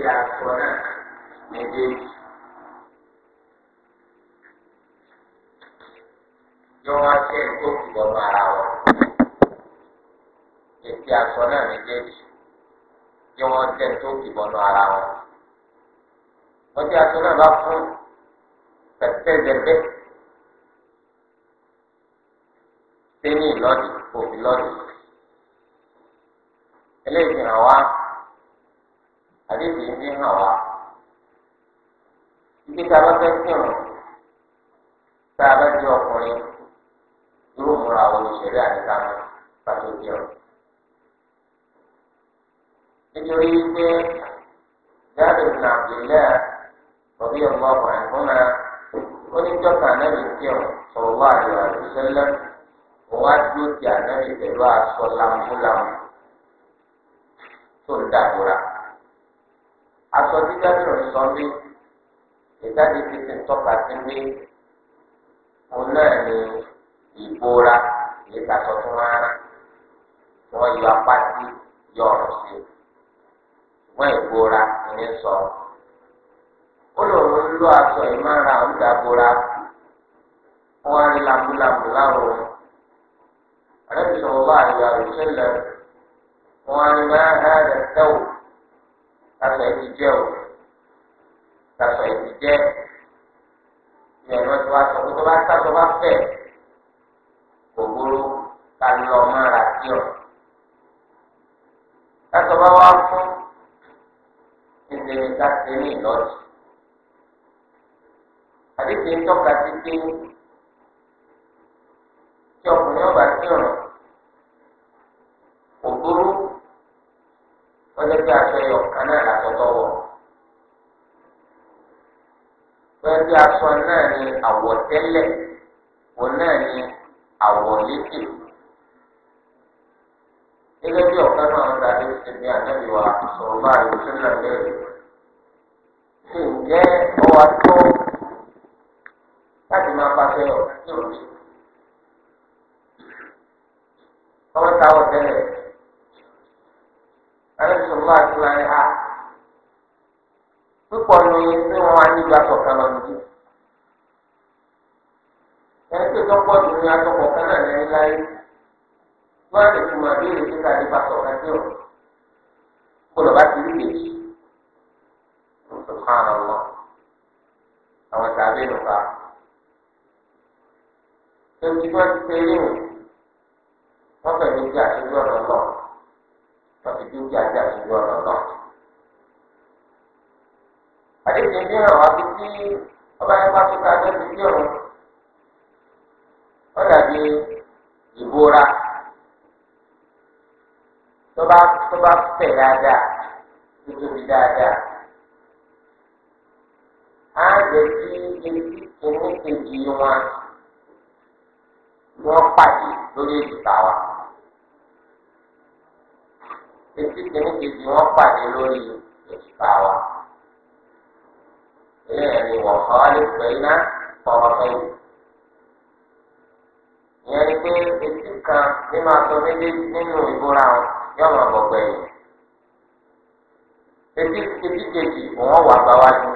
sí aṣọ náà méjèèjì. yọ wá sí ẹ̀kọ́ ìbọn ara wọn ètí aṣọ náà méjèèjì yọ wọn jẹ́ tó ìbọn ara wọn. wọ́n tí aṣọ náà bá fún pẹ̀tẹ́dẹ́gbẹ́ sẹ́ni ìlọ́dì òbí lọ́dì eléyìí hàn àdéhùn yìí ń hàn wá ibi tá a bá fẹ́ kírun tá a bá di ọkùnrin irú múra wo ni àdìgbà mú pàtó kírun nítorí wípé jáde ní àbílẹ̀ ọ̀bí ọ̀gbọ́n ọkùnrin fún mi oníjọba kírun sọ̀rọ̀ wá àdìgbà ti pẹ̀lú tó ń aṣọ dídá ní òsánlé ìdájí ti ti tọ́ka sí pé òun náà ni ìbora èyí tàṣọ tó rárá wọ́n yọ apá sí yọ ọ̀rọ̀ sí ṣùgbọ́n ìbora ni ń sọ. ó lòun ń lo aṣọ ìmára òǹdàbora wọ́n á rí làbúlàbù láwọn òun. àlẹ́ bí sọ̀rọ̀ bá àyọ̀ àrùn sílẹ̀ wọ́n á rí máa tẹ́wọ̀ aṣọ yìí ti jẹ́ o aṣọ yìí ti jẹ́ ìyá ẹ̀rọ tí wàá sọ pé tó bá sàtọ́ bá fẹ̀ kò burú ká lọ mọ́ra sí ọ. Sàtọ́ bá wá fún ẹsẹ̀ ní ká ní ìlọ́jì. Àdéhùn ń tọ́ka sí tí ọkùnrin ọba sí ọ̀rọ̀ kò burú ọjọ́ a. తెల్లే lórí èdè tàwa etí kìíní kejì wọn pàdé lórí èdè tàwa ilé ẹ̀rí wọ̀ ọ́lẹ́ pẹ̀lú ọ̀rọ̀ ẹ̀yìn ìyẹn ni pé etí kan nínú aṣọ méjèèjì nínú ìbúra wọn yóò máa bọ̀ gbẹ̀yìn etí kejì wọn wà gbáwájú.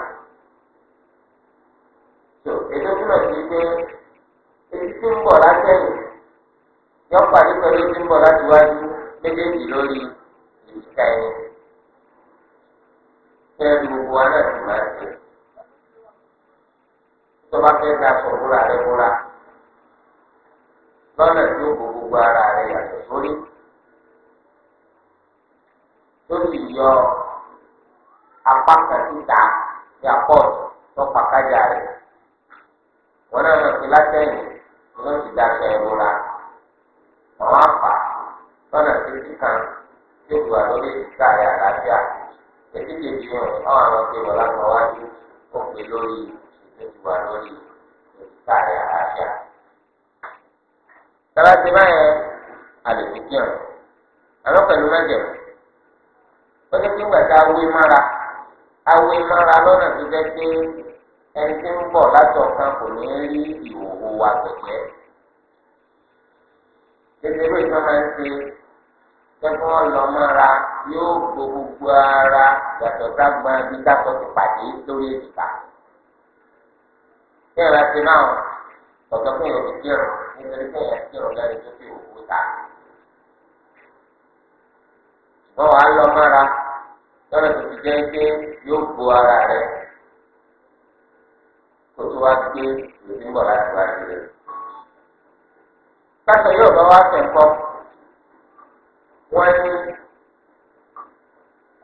bọ̀ láti wájú méjèèjì lórí èjìká ẹni fẹ́ẹ́ gbogbo wa náà ti máa ṣe tó bá fẹ́ da aṣọ búra rẹ búra lọ́nà tí ó bo gbogbo ara rẹ yàtọ̀ sórí tó sì yọ apá kan síta ní apọ́ọ̀tù tó pa kájà rẹ wọn náà lọ sí látẹ̀yìn wọ́n ti da ìrora àwọn lọ́nà tí ó ti kan tí ó gbà lórí káàrí àlàáfíà ètí kejì wọn àwọn àwọn ọ̀gbìn wọn láti wọn wájú ó pè lórí ìtẹ̀síwá lórí káàrí àlàáfíà. Tọ́lá ti báyẹn àlèkè kíọ̀n àmọ́ pẹ̀lú mẹ́jẹ̀ ó ní kí gbàtà awé mára awé mára lọ́nà tó jẹ́ pé ẹni tí ń bọ̀ láti ọ̀kan kò ní rí ìhòòhò wa pẹ̀pẹ́. Gbèsè ló ń ṣe pẹ́pẹ́ ọlọ́mọ́ra yóò gbó gbogbo ara yàtọ̀ ságbọn bí dákọ̀ ti pàdé lórí èjìká. Bí ẹ̀rọ ti náà tọ̀tọ̀ fún ìyẹn ti kírun nítorí fún ìyẹn kírun lẹ́yìn tó fi òkú ta. Ṣùgbọ́n wàá lọ́mọ́ra lọ́nà tó ti jẹ́ pé yóò gbó ara rẹ̀ kó tó wá gbé lòdì ń bọ̀ láti wá sílẹ̀. Káṣọ yóò bá wá fẹ̀ kọ́ wọ́n ní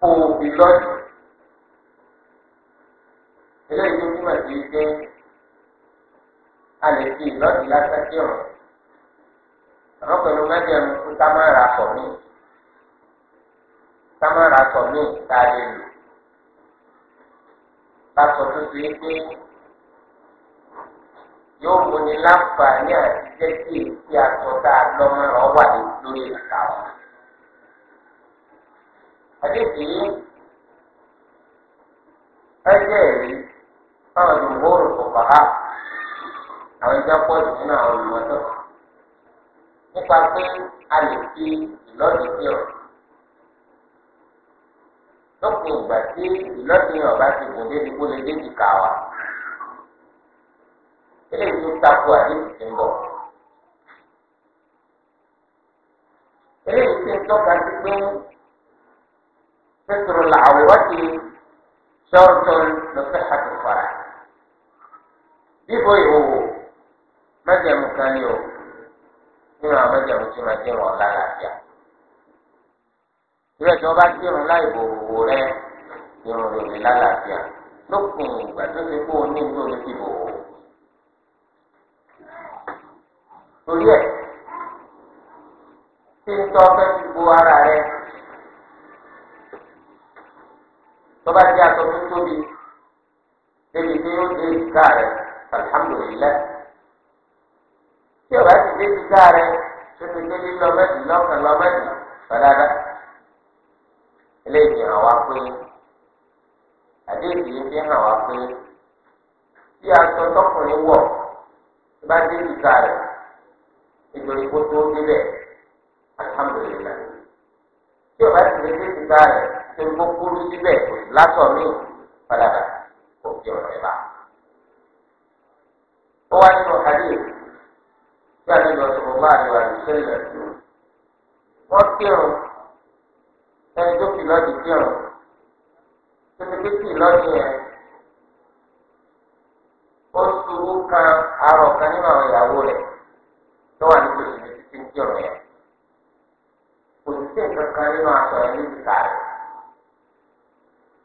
kó o fi lọ́dún. eléyìí tó túmọ̀ sí pé a lè fi ìlọ́dún lásán sí ọ̀rọ̀. àwọn pẹ̀lú májẹ̀mú fún támàrà pọ̀ mí. támàrà pọ̀ mí tá lè lò. lásán tó ṣe pé yóò mú láǹfààní àti jẹ́ kí èsì àtọ̀tà lọ́mọ ọ̀wà lórí ìlànà àdéhùn yìí ẹgbẹ́ ẹ̀rí báwọn ti wọ́ọ̀rù kọ̀ọ̀kan á àwọn ìjà pọ̀ jù nínú àwọn olùmọ̀tọ́ nípa pé a lè fi ìlọ́dì sí ọ̀ lópin ìgbà tí ìlọ́dì yẹn ọba ti gùn débi kó lè débi kà wá eléyìí tó takò àdéhùn ti ń bọ̀. eléyìí ti ń tọ́ka sí pé. ستر العورة شرط لصحة الفرع bíbò ìhòòhò májẹ̀mú kan yóò nínú àwọn májẹ̀mú tí máa dé wọn lára bíà ìrẹ̀ tí wọ́n bá dírun láì bòòhò rẹ irun rẹ̀ lè lálàáfíà lópin ìgbà tó ti kó o ní ìlú ní ti bòòhò. torí ẹ̀ tí ń tọ́ fẹ́ ti bo ara rẹ̀. tọ́ba jẹ́ aṣọ tó tóbi débi tí yóò dé ìdíkà rẹ̀ alhamdulilayi tí o bá ti dé ìdíkà rẹ̀ tó ti dé lílọ mẹ́tì lọ́kàn lọ mẹ́tì fàdáda eléyìí hàn wá pé àdéhùn yìí fi hàn wá pé tí aṣọ tọkùnrin wọ̀ tó bá dé ìdíkà rẹ̀ nítorí kó tó débẹ̀ alhamdulilayi tí o bá ti dé ìdíkà rẹ̀ torí kó kúrú síbẹ̀ kò sí látọ̀ mí padà dà kò fi ọ̀rọ̀ rẹ̀ bá. ó wá nínú àdé tí àdé lọ sọ̀rọ̀ bá àdé wà lóṣẹ́ ilẹ̀ tó wọ́n kírun ẹni tó fi lọ́ọ̀dì kírun tó ti pé kí ó ṣubú kan arọ kan nínú àwọn ìyàwó rẹ̀ tó wà nítòsí ní títí kírun yẹn kò sí nǹkan kan nínú aṣọ yẹn níbi kàrẹ́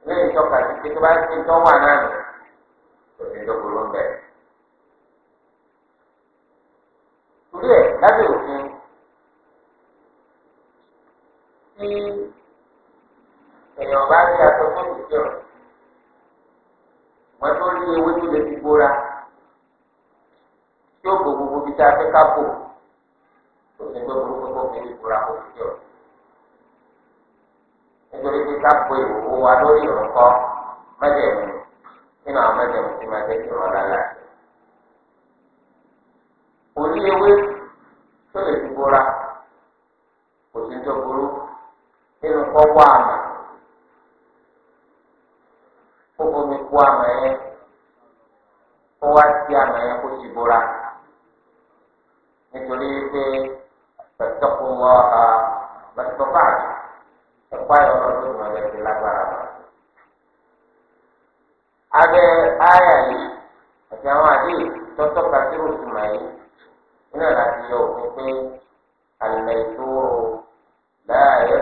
ilé ìtọ́ka ti ké tó bá ti tọ́ wà náà nù kò sí ìdókòwò ń bẹ̀. torí ẹ̀ lábẹ́ òfin tí èèyàn bá rí aṣọ tó ti jẹun wọn tó rí ewé tó lè fi gbóra tí ó gbogbo gbogbo bí tá fẹ́ ká bò kò sí ìdókòwò tó kọ́ fi gbóra kò sí jẹun nítorí pé ká pe òwò wa lórí ìrọ̀kọ́ mẹ́jẹ̀mú nínú àwọn mẹ́jẹ̀mú tí máa jẹ́ kí ìrọ̀ lálẹ́ àti. kò ní ewé tó lè fi bóra kò sí tó burú nínú kọ́ wá àmà kó fomi kó àmà yẹn kó wá sí àmà yẹn kó sì bóra nítorí pé pẹ̀tọ́kùn wọ́n bàtìkọ́ báàgì. ẹ̀kọ́ ayọ̀ náà tó mọ̀ ẹ̀ ti lágbára mọ́. abẹ́ àyà yìí àti àwọn àdéhùn tọ́tọ́ ka sí òtúmọ̀ yìí iná láti yọ òfin pé àlẹ́ láàyè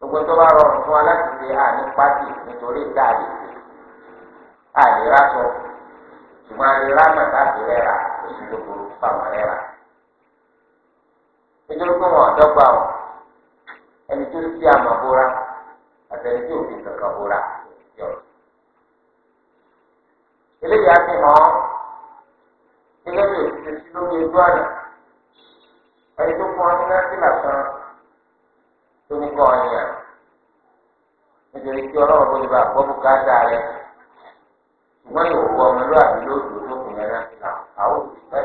gbogbo tó bá rọrùn fún wa láti ṣe àní ẹni tó ti àmà bóra àtẹni tí òfin kankan bóra yọ. eléyìí á fi hàn gẹ́gẹ́ bí òṣìṣẹ́ sí lórí ojú àná ẹni tó fún ọ ní násìlà kan tó ní kọ́ ọ̀yàn nítorí kí ọlọ́run bó ti bá gbọ́ bùkátà rẹ̀ ṣùgbọ́n ìwòwò ọmọlúwàbí lóòótọ́ tó kù yẹn násìlà àwọn òṣìṣẹ́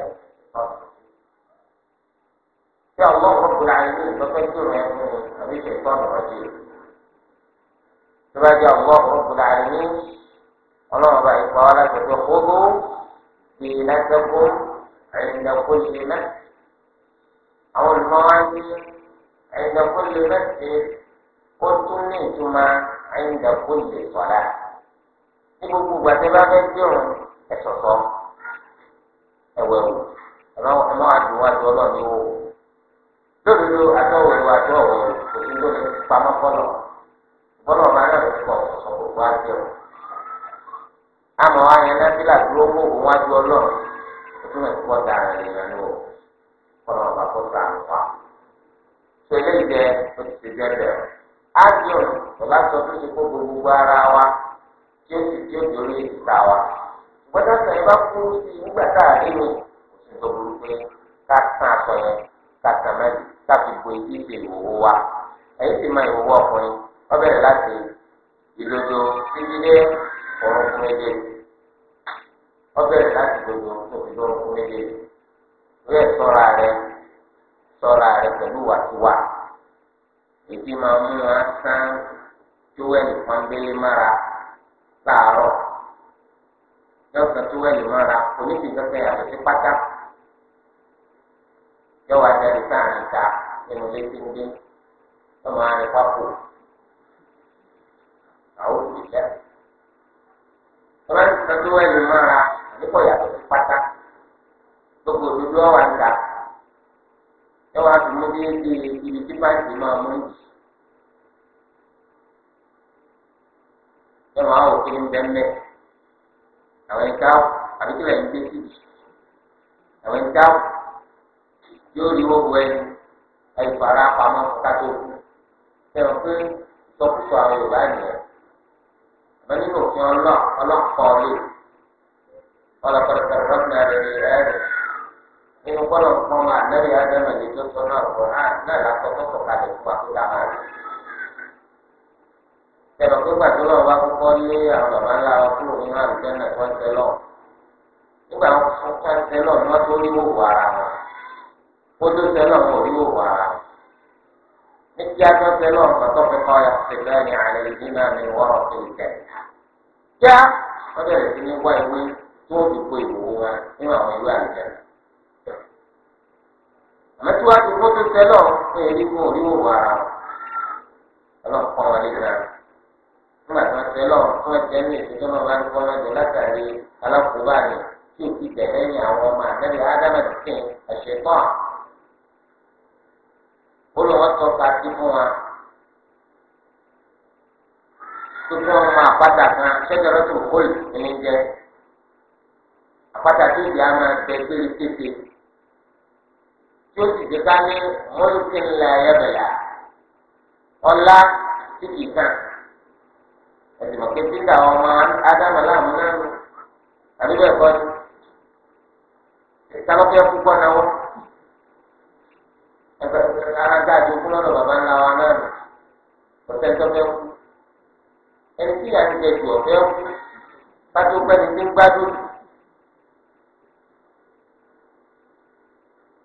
tí ọlọ́run kò láyé ní ìtọ́fẹ́ tó rẹ̀ الشيطان الرجيم تبارك الله رب العالمين اللهم بارك قال خذوا دينتكم عند كل مسجد أو المواسم عند كل مسجد قلت منتما عند كل صلاة ibubu gbàtẹ bá fẹ́ gbẹrun ẹsọsọ ẹwẹ wò ẹ má wà dùn wájú Ọlọ́run ní wò lódodo atọwẹwò atọwẹwò ló ní pamọ́ fọlọ́ fọlọ́ máa náà lọ́ọ́ kọ̀ sọ gbogbo àjẹ o. àmọ́ ayẹn náà fílà dúró wò wọ́n wájú ọlọ́run ó túnbọ̀ ní kọ́ dára èèyàn ní o fọlọ́ bá kó sàn wá. sọlẹ́ ìjẹ o ti ṣe jẹ́ bẹ̀rẹ̀. ájì ò bàbá sọ tó ṣe kó gbogbo ara wa tí ó sì tí ó dòrí ìta wa. ìgbọ́dá sọ̀rọ̀ bá kú sí nígbà tá à nínú òṣìṣẹ́ burúkú ká sàn àṣọ ká sàn mẹ́rin ká fi bo ìdíje ìwòwò wa ẹ̀yin sì mọ ìwúwo ọkùnrin wọ́n bẹ̀rẹ̀ láti ìdodo títí dé orúnkún méje wọ́n bẹ̀rẹ̀ láti ìdodo títí dé orúnkún méje wíwẹ̀ sọ́ra rẹ sọ́ra rẹ pẹ̀lú wàtiwà èyí máa mú wọn sán tówẹ́lì pọ́nbélé mára láàárọ̀ yóò sọ tówẹ́lì mára oníṣègùnkẹ́ yàtọ̀ sí pátá yóò wá jáde sáà nìta nínú létí ń dín ọmọ arin tahu àwọn òṣìṣẹ́ ọmọ arin kan Ini wẹ́ẹ̀lì mára àdínkù yàtọ̀ sí pátá gbogbo òdodo di ń ta ẹ wàá fi mú déédéé ibi tí báńkì kau, mú jì ẹ máa wò kí ni bẹ́ẹ̀ àwọn ẹ̀ka àbí kí lẹ́yìn gbé sí jì àwọn ẹ̀ka kẹrọ pé sọkúsọ àwọn yorùbá nìyẹn àmọ́ nínú òfin ọlọ́kọ̀ọ́lé ọlọ́kọ̀ọ́lé rọ́bìnà rẹ̀ rí rẹ̀ nínú gbọ́dọ̀ fún ọmọ àdẹ́rì ádámà lè tó sọ náà kọ̀ náà náà lásán tó sọ kalẹ̀ fún àkókò àmà rẹ̀. kẹrọ pé gbàdúrà wa kọ́kọ́ lé àwọn bàbá ńlá wa kúrò nínú àdúgbò náà wọ́n tẹ́ lọ nígbà wọn tẹ́ lọ ni wọ́n tó rí òwò ara níbi agbẹ́fẹ́ lọ pàtó fífọ́ ya ṣẹlẹ̀ ní alẹ́ yìí náà ní wọ́rọ̀ tó ń tẹ̀. yá wọ́n bẹ̀rẹ̀ sí ní wá ìwé tó ń dìbò ìwòwò wọn nínú àwọn ìwé àlùjẹ́ àmọ́ tí wàá ti kó tó tẹ lọ fún erígun oríwòwò ara ọlọ́pàá wọn lè gbà nígbà tí wọ́n tẹ lọ fún ẹ̀jẹ̀ ní ìṣẹ́jọ́ náà wọn kọ́ wọn látàrí alákòóbá ni tí ò ó lọ wọn tọ́ pàtí fún wa tuntun wọn mọ àpáta kan ṣẹjọrọ tó kóyì ẹni jẹ àpáta tó di àmà bẹ gbére tètè tí ó sì ti ká ní mọ́lùkínlá ẹ̀yẹ́bẹ̀lá ọlá tí kì í kàn ẹ̀sìnmọ̀ kejì ń dà ọmọ ádámọ̀ láàmú náà àdúgbò ẹ̀kọ́ ni ìtàlọ́fẹ́ púpọ̀ náà wọ́n ara tá a jogún lọ́dọ̀ bàbá ńlá wa náà nù ọ̀sẹ̀ tó fẹ́ kú ẹni tí ìyá ti dẹ̀jù ọ̀fẹ́ kú pátó pẹ́ni tí ń gbádùn.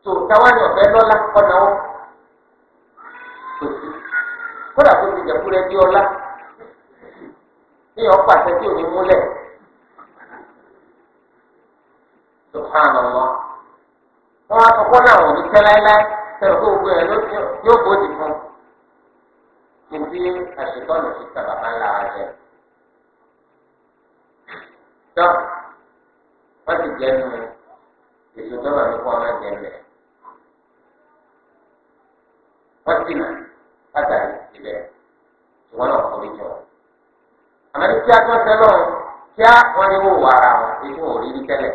tó táwáyé ọ̀fẹ́ lọ́la ọ̀nà wọn kódà tó ti dẹ̀kú rẹ di ọlá ní ọ̀pá àṣẹ tí ò ní múlẹ̀ subhanallah wọn á sọ kọ́ náà wọn ò ní tẹ́ láéláé ẹ̀rọ gbogbo ẹ̀ yóò bójì fún un ibi àṣetọ́nù ti ta bàbá ńlá wa jẹ. tọ́ wọ́n ti jẹ́ nu èso tó bàbá kọ́ ọmọ jẹ mẹ́. wọ́n ti nà látàrí ìbẹ̀ ìwọ́n náà kọ́ lójọ́. àmọ́ ní kí a tó ń tẹ́ lọ́wọ́ kí a wọ́n ní wò wàrà wọn èso òrí ní tẹ́lẹ̀.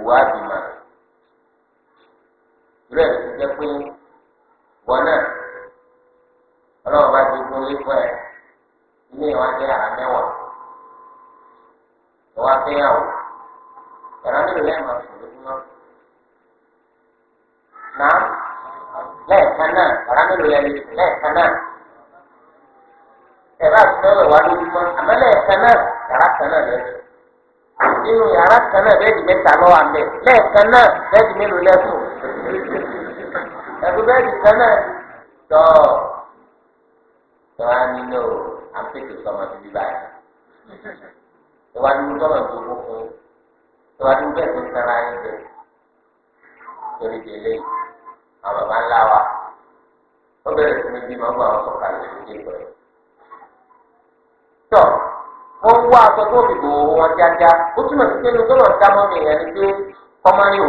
ìwà àbìmọ̀ rẹ̀ ti jẹ́ pé wọn náà lọ wà mbẹ lẹ́ẹ̀kan náà bẹ́ẹ̀dì mélòó lẹkùn ẹdùn bẹ́ẹ̀dì kan náà tọ tọ á nínú àpètè sọmọ bíbí báyìí tọ wá nínú tọmọ tó kún fún tọ wá nínú bẹ́ẹ̀ tó sara yín bẹ torí délé àwọn baba ńlá wa ó bẹ̀rẹ̀ sí ní bí màá bọ àwọn sọ̀kalẹ̀ lórí ìgbà tọ wọ́n wá aṣọ tó fi bò wọn jájá ó túmọ̀ sí pé ní tó lọ dá mọ́ mi yẹn ni pé kọ́mọ́rì ò.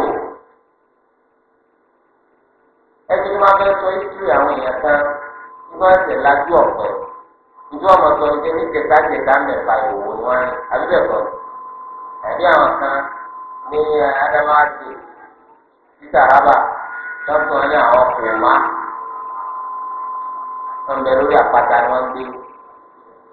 ẹgbẹ́ tó máa fẹ́ sọ history àwọn èèyàn kan tí wọ́n ṣẹ̀ lájú ọ̀pẹ ìjọ ọmọ sọ ní ní kẹta kẹta mẹ́fà ìwòwò ni wọ́n àbí bẹ́ẹ̀ àwọn kan ní Adamawa ti ti Taraba lọ́sọ̀ọ́ ní àwọn kùmá wọn bẹ lórí àpáta ni wọ́n gbé.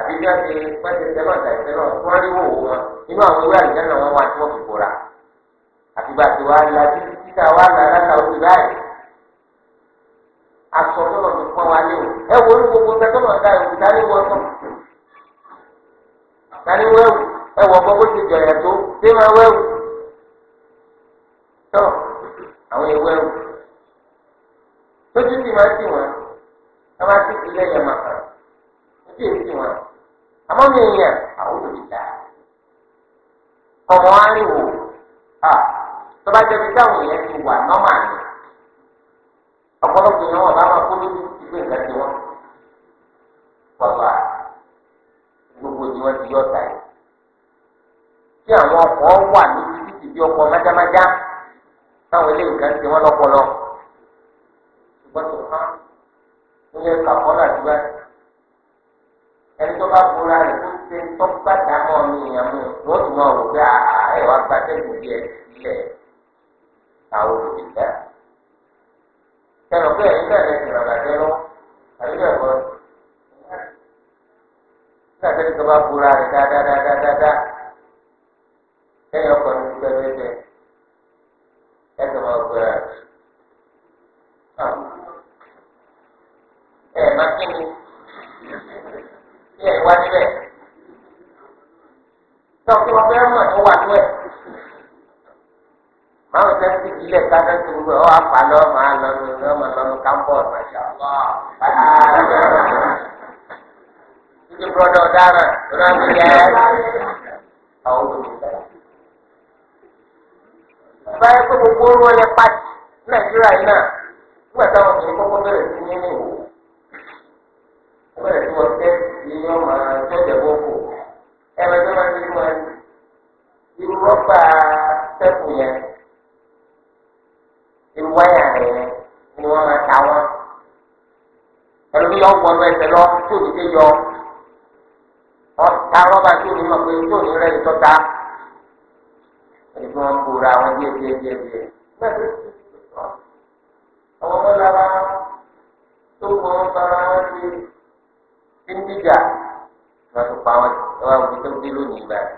àbí bí wọ́n ti pẹ́sẹ̀ tẹ́lọ̀ ìjà ìtẹ́lọ̀ tí wọ́n rí wò wọn inú àwọn ewé àlùjáná wọn wá tí wọ́n fi bora àti bá ti wá la títà wá la láta òkè báyìí aṣọ tó lọ fi pọ́n wa lé o ẹ wo ní gbogbo ẹ tó lọ da ìwò dání wọ ẹ̀kọ́ dání wọ ẹ̀wò ẹ wọ ọgbọ́n bó ti jọ ẹ̀ tó dé máa wọ ẹ̀wò tọ́ àwọn ewu ẹ̀wò lójú ti máa ń wọ́n ẹ máa ti ti lẹ́yìn ẹ̀ máa kàn lójú èyí ti wọ́n àmọ́ mi èèyàn àwọn òbí dá ọmọ wa ń wò á tọ́ba jẹ́ bíi táwọn èèyàn ti wà nọ́mà ni ọ̀pọ̀lọpọ̀ èèyàn wọn bá wọn kó lójú ìgbé nǹkan ti wọn pọ̀tọ́ à gbogbo ni wọ́n ti yọ ọ̀tá yìí kí àwọn ọkọ̀ wà ní títí bí ọkọ̀ májámájá táwọn ilé nǹkan ti wọn lọ́pọ̀lọ ṣùgbọ́n tó kán nílé kàkọ́ láti báyìí ẹni tó bá kóra rẹ̀ tó ṣe tó gbàdá mọ́ mi ìyàn mu wọ́n tún máa wò pé àà ah, ah, ẹ̀ wá gba tẹ́gùn díẹ̀ sílẹ̀ àwọn olùdíjà. Kẹ́nu pé ẹ̀yin náà lè sìn àgbàjẹ́ lọ, àbí bẹ́ẹ̀ kọ́. Nígbà tẹ́lẹ̀ tó bá kóra rẹ̀ dáadáadáadáa, ẹ̀yọ̀ kọ́ ní pípẹ́ lẹ́sẹ̀, ẹ̀ tó máa kóra rẹ̀. Ẹ̀ máa kí ni? ní ẹ̀wá níbẹ̀. Tọ́kí wọn fẹ́ràn mọ̀ tó wà tó ẹ̀. Máa ń sẹ́ńtì ìbílẹ̀ kájọ́ tó gbogbo ọ̀ apá lọ́ máa lọ ní ọ̀nà ọmọ lọ́nu kámpọ̀t màṣá lọ́ pàṣẹ ìbílẹ̀. Títí bọ́dọ̀ ọ̀daràn tó náà ti yẹ àwọn olùdíje. Báyọ̀ pé gbogbo orú ọyẹ pàṣẹ Nàìjíríà yìí náà, nígbà táwọn obìnrin kọ́kọ́ bẹ̀rẹ̀ sí ní ní ìwò. ọ̀tá ẹni tí wọ́n kó ra wọn díẹ̀ díẹ̀ díẹ̀ díẹ̀ àwọn ọmọlára tó kọ́ bára wọn ṣe ń dìjà wọn tó pa wọn ẹ wá wọ́n tó dé lónìí báyìí.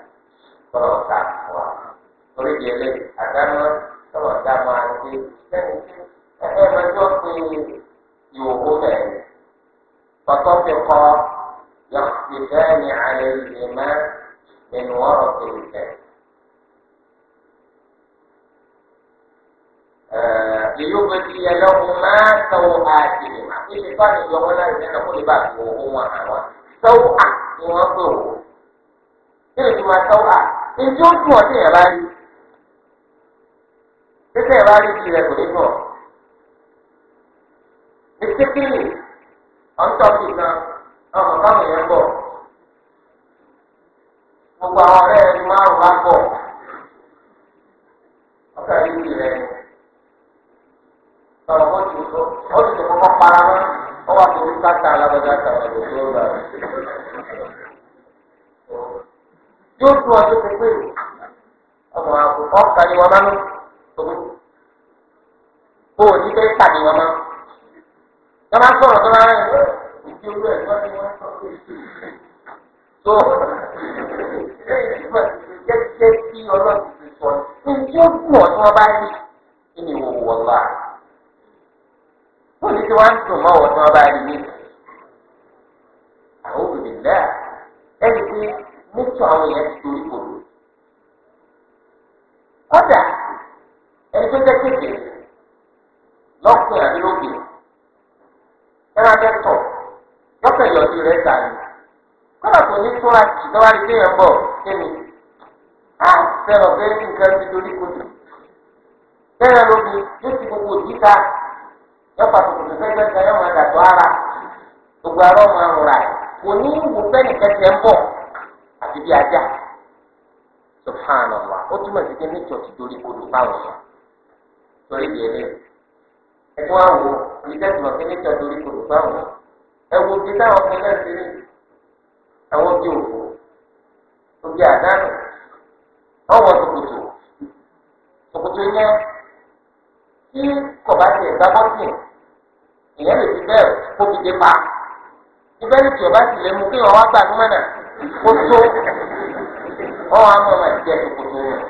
níbi fáànì ìjọ wọn láì lẹ́nu kó lè bá àti owó wọn àwọn sọ́wọ́ à ni wọ́n pè wò kí lè fi máa sọ́wọ́ à ìjọ ń dùn ọdún yẹn bá rí tẹ́tẹ́ yẹn bá rí ti rẹ̀ kò ní dùn ìtẹ́kìlì ọ̀ńtọ́kì kan ọmọ káwọn yẹn bọ̀ gbogbo àwọn ọ̀rẹ́ ẹni márùn-ún bá bọ̀ ọkọ̀ yìí ti rẹ̀ ni sọ̀rọ̀ bó ti tó ó sì ti kọ́kọ́ para wọn ó wà torí káta alágbádá tàwọn ìlú tó rà rẹ̀. yóò tún ọdún pípé ọmọ àgùn ọkà ni wọn máa ń tóbi kó o ní bẹ́ẹ̀ kà ni wọn máa. wọ́n máa sọ̀rọ̀ tó máa ń rẹ̀ ìdí owó ẹ̀ lọ́wọ́ ni wọ́n sọ pé tó jẹ́ jẹ́ kí ọlọ́run ti sọ ní tí ó gùn tí wọ́n bá rí kí ni ìwòwò ọ̀la. tí wọ́n á dùn mọ́ wọ́n tí wọ́n bá rí ní. àwọn olùdílé ẹni pé nítorí àwọn èèyàn ti torí kò lò. kódà ẹni tó jẹ́ kékeré lọ́kùnrin àbí lókè ẹran mẹ́tọ̀ lọ́kàn ìyọ̀dí rẹ̀ dà ní. kò ní tó ra kì lọ́wọ́ adé yẹn bọ̀ kémi. á fẹ́ràn pé nǹkan ti torí kò lò. bẹ́ẹ̀ gbogbo ká. yọpa kòtòkò sẹ́gbẹ́ kan yọmọ ẹ̀dàtọ̀ ara gbogbo ara ọmọ ẹ̀rù rà kò ní fẹ́ni kẹsẹ̀ ń bọ̀ àti bí ajá ó túmọ̀ sí pé dorí kodò báwọn torí di dorí kodò báwọn táwọn ọmọ náà ti rí àwọn òfò òbí àdánù tòkòtò tòkòtò yẹn tí bá ìyẹn lè fi bẹ́ẹ̀ kó fi dé pa ìbẹ́rù tí o bá sì lè mú kí wá gbà mẹ́nà kó tó ọ wá mú ọmọ ìjẹ́ kòkòtò rẹ̀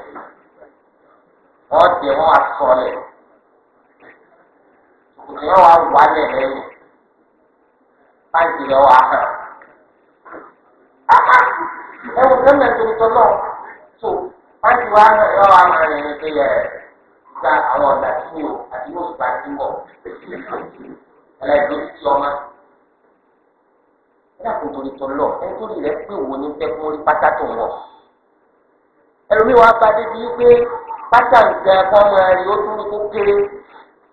wọ́n dé wọ́n wá sọlẹ̀ kòkòtò yẹn wà wálẹ̀ lẹ́yìn báńkì yẹn hàn ẹ wò ẹ̀ tó hàn hàn yẹ gba o àti ọ̀la ìdórí tí ọmọ ẹ̀dá kò torí tó lọ ẹni tó rí rẹ pé wo ni fẹ́ fún orí pátá tó wọ̀ ẹlòmíì wàá gba débi pé pátá nǹkan ẹ̀kọ́ ọmọ rẹ ó tún ní kó kéré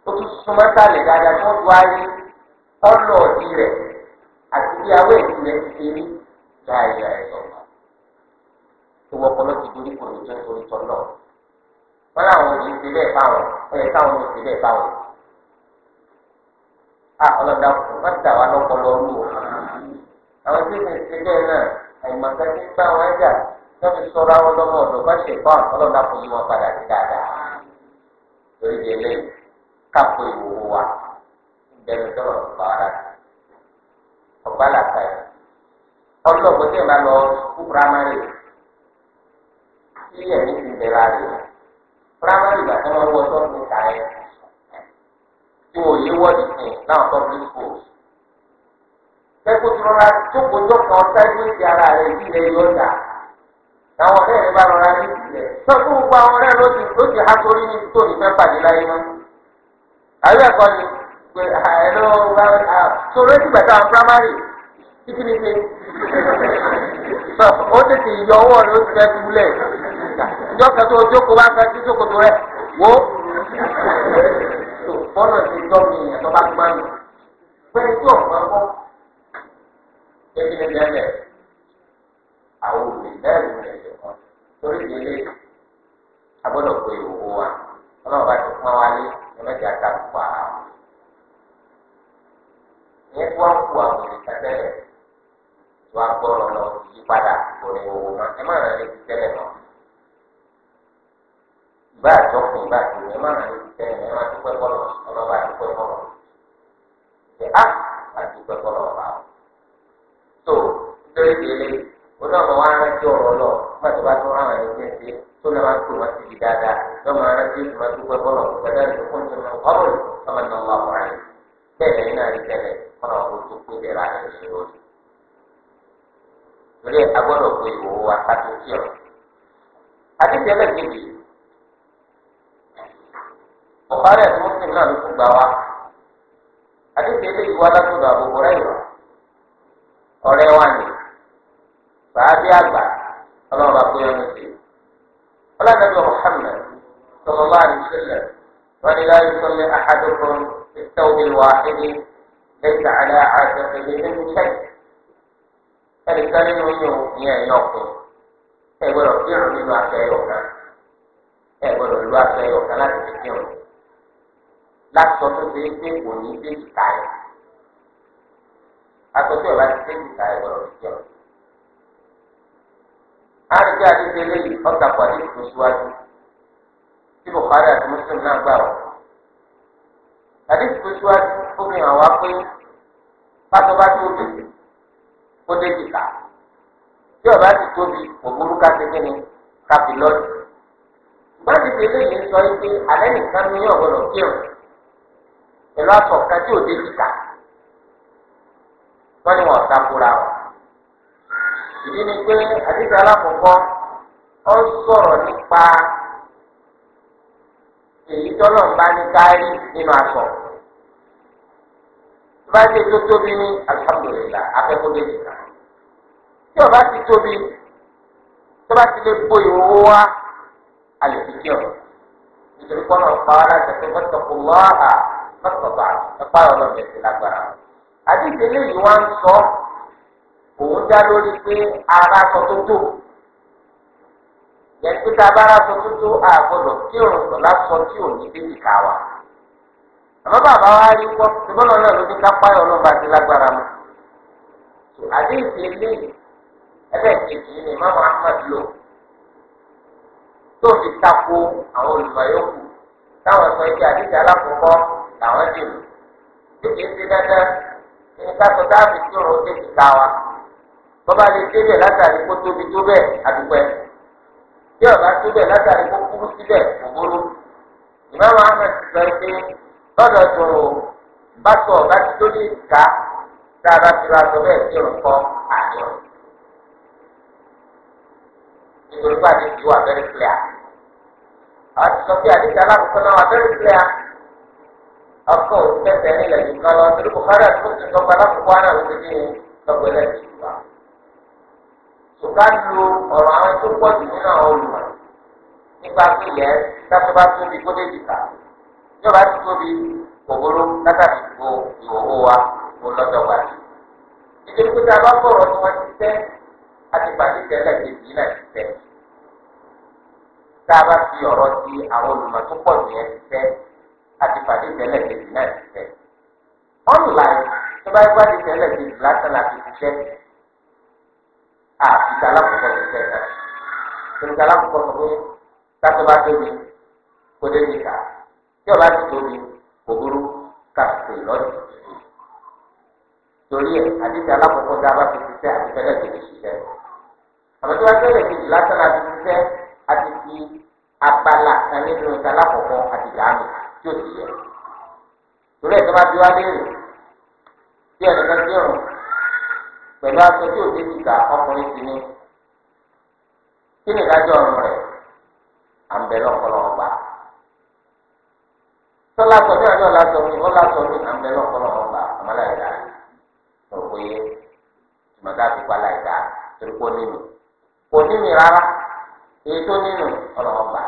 ó tún súnmọ́ sálẹ̀ dáadáa tó ń do ayé ọ̀nà ọ̀dí rẹ̀ àti bí awé ìdílé ti ṣe rí láàyè àìsàn ìwọ ọpọlọ ti dorí kò ní jẹ́ torí tọ́ lọ wọn làwọn ò ní ṣe bẹ́ẹ̀ ẹ̀ káwọn ò ṣe bẹ́ẹ̀ fáwọn ọlọ́dà má dà wá lọ́pọ̀lọ́ lù ú. àwọn tí mi ti bẹ́ẹ̀ náà àìmọ̀tẹ́ ti gbá wọn jà lọ́bi sọ̀rọ̀ àwọn ọlọ́mọ ọ̀dọ̀ bá ṣe bá ọlọ́dà kò yí wọn padà sí dáadáa. lórí ìdílé kápò ìwòwò wa ìbẹ̀rù sọ̀rọ̀ nípa ara ọ̀gbá làkà yìí. ọlọ́gbọ́n tẹ̀ máa lọ sukú pírámàrì tí ẹ̀mí ti bẹ̀rẹ̀ rẹ̀ pírámàrì ìgbà tí wọ́n wọ sọ́ọ̀tún kó o yé wọ́ọ̀dì kìn náà public schools. kẹ́kọ̀ọ́ ara rẹ̀ bí ọ̀rẹ́ rẹ̀ bá gbogbo àwọn ọ̀rẹ́ ló ti ló ti ní tó ní fẹ́ pàdé láyé mọ́. àbí ẹ̀kọ́ ni pé ẹ̀rọ ah, ah, sọ̀rọ̀ primary títí ní pé ó tètè yọ ọwọ́ rẹ̀ ó ti fẹ́ dúlẹ̀ tó o jókòó fẹ́ sí jókòó tó rẹ̀ wó bọ́nà ti tọ́ mi èèyàn tó bá gbá nù pẹ́ẹ́ni tí ọ̀gbọ́n kọ́ ebi ní bẹ́ẹ̀ àwọn òbí bẹ́ẹ̀ ló rẹ̀ lè wọ́n torí délé agbọ́dọ̀ pé òwò wa ọlọ́run bá ti pọ́n wálé ẹlẹ́jà àtàkùn àrà wọn. ìyẹn tí wọ́n kú àwọn òbí tẹ́tẹ́lẹ̀ wọ́n gbọ́rọ̀ lọ yípadà òní òwò wọn ẹ má rẹ̀ lè ti tẹ́lẹ̀ náà. bá àjọkùn bá àjọyìn ẹ má nà ní tẹ ẹ má dúpẹ́ kọlọ ẹ má bá dúpẹ́ kọlọ ẹ á bá dúpẹ́ kọlọ ọba tó nítorí délé oní ọmọ wa rántí ọrụ lọ má ọrụ bá tó ní tó náà má tó má ti di dáadáa má ní wà tó pé Bukhari àti Muslim náà ló tún gbà wá àdéhùn eléyìí wá látọ̀dọ̀ Abu Hurairah ọ̀rẹ́ wa ni bàábí àgbà ọlọ́ọ̀bà kó yọ lọ́sí ọlọ́ọ̀dẹ́gbẹ̀ Muhammad sallallahu wọn ni ala aatiqihi minhu shay' ẹnìkan nínú yóò ní ẹ̀yìn ọkùnrin ẹ gbọ́dọ̀ kírun nínú aṣọ kan ẹ gbọ́dọ̀ lásọ tó ṣe é pé kò ní déjì táyà asọtí ọba ti déjì táyà lọrọ ìjọ àrídé àdéhùn eléyìí ọta pàdé tó síwájú tí Bukhari àti Muslim náà gbà wọ àdéhùn tó síwájú ó fi hàn wá pé pásọ bá tó bèbè kó déjì ká tí ọba ti tóbi òbúrú ká ti kíni ká fi lọ́ọ̀dì. Báyìí pé alẹ́ nìkan ní ọ̀gbọ́dọ̀ kírun pẹ̀lú aṣọ kan tí ò dé jìkà wọ́n ní wọ́n takora ọ̀ ìdí ni pé àdìsí alákọ̀ọ́kọ́ ọ sọ̀rọ̀ nípa èyí tọ́lọ̀ ń bá ní kárí nínú aṣọ tó bá dé tó tóbi ní alihamudulila afẹ́kọ́dé jìkà tí ọba ti tóbi tó bá ti lè bo ìwòwò wa alẹ́ fi kí ọ nítorí kọ́nà ọ̀pá wa láti ẹ̀fẹ́ fẹ́ tọkùnlọ́ọ̀hà mọ́tòtò àti ẹ̀pá ọlọ́run ẹ̀ ti lágbára. àdìsí eléyìí wá ń sọ òun dá lórí pé ara sọ tó tó yẹn pé tá a bá ara sọ tó tó a gbọdọ̀ kí òun sọ lásọ tí ò ní bébì ká wa. àmọ́ bàbá wa rí wọ́n ṣùgbọ́n náà ló ní ká páyọ̀ ọlọ́run àti lágbára mu. àdìsí eléyìí ẹlẹ́ẹ̀kejì ni mọ́mọ́ ahmed lò tó fi tako àwọn olùmọ̀ yòókù táwọn sọ ike àdìsí alákòókò. làwọn dì mí tí kì ní káko táàbì tí òun dé kíkà wa bọ́bá lè débẹ̀ látàrí kó tóbi tó bẹ́ẹ̀ àdúgbẹ́ tí ọ̀gá tó látàrí kó kúrú síbẹ̀ ògbóró ìmáàmù ahmed sọ pé lọ́dọ̀ tó o bá tó ọ̀gá tó lórí ìka tá a bá ti ra sọ bẹ́ẹ̀ tí ọkọ òṣìṣẹ́ nílẹ̀ nìkan lọ torí Bukhari àti Muslim tó gbala kókó àná òṣèlú ní ọgbẹ́lẹ́ ti wà. Ṣùgbọ́n a lu ọ̀rọ̀ àwọn tó pọ̀ jù nínú àwọn olùmọ̀ nípa pé yẹ sáfẹ́ bá tóbi kó dé jìkà. Yọ̀bá ti tóbi kòkòrò látàbí ìbò ìhòòhò wa kó lọ́jọ́ wà ní. Ìdè kúta bá bọ̀rọ̀ ni wọ́n ti tẹ́ àti pàdé tẹ́lẹ̀ kejì náà ti tẹ́. Tá a bá fi ọ̀rọ̀ ti àwọn olùmọ̀ tó pọ̀ jù yẹn ti tẹ́ àti pàdé tẹ́lẹ̀ kejì náà ti tẹ̀. online tó bá gbá di tẹ́lẹ̀ kejì lásán láti ṣiṣẹ́ àti galákòókò ti tẹ̀ náà. torí galákòókò sọ pé sátó bá tóbi kó débi kà tí ọba ti tóbi kò burú ká pè lọ́dún. torí ẹ̀ àti tí alákòókò tá a bá fi ṣiṣẹ́ àti tẹ́lẹ̀ kejì ṣiṣẹ́. àmọ́ tí wọ́n tẹ́lẹ̀ kejì lásán láti ṣiṣẹ́ àti fi abala tí ó sì yẹ torí ẹ̀ tó bá ti wá léèrè tí ẹnìkan tí òrùn pẹ̀lú aṣọ tí ò dé kíkà ọkùnrin ti ní kí ni ìdájọ́ ọ̀run rẹ̀ à ń bẹ lọ́pọ̀lọ́ ọgbà tó lásọ ní ọjọ́ lásọ ní ó lásọ ní à ń bẹ lọ́pọ̀lọ́ ọgbà àmàlà ìdá tó pé ìmọ̀tá ti pa láìdá torí kó nínú kò nínú rárá èyí tó nínú ọlọ́ọ̀gbà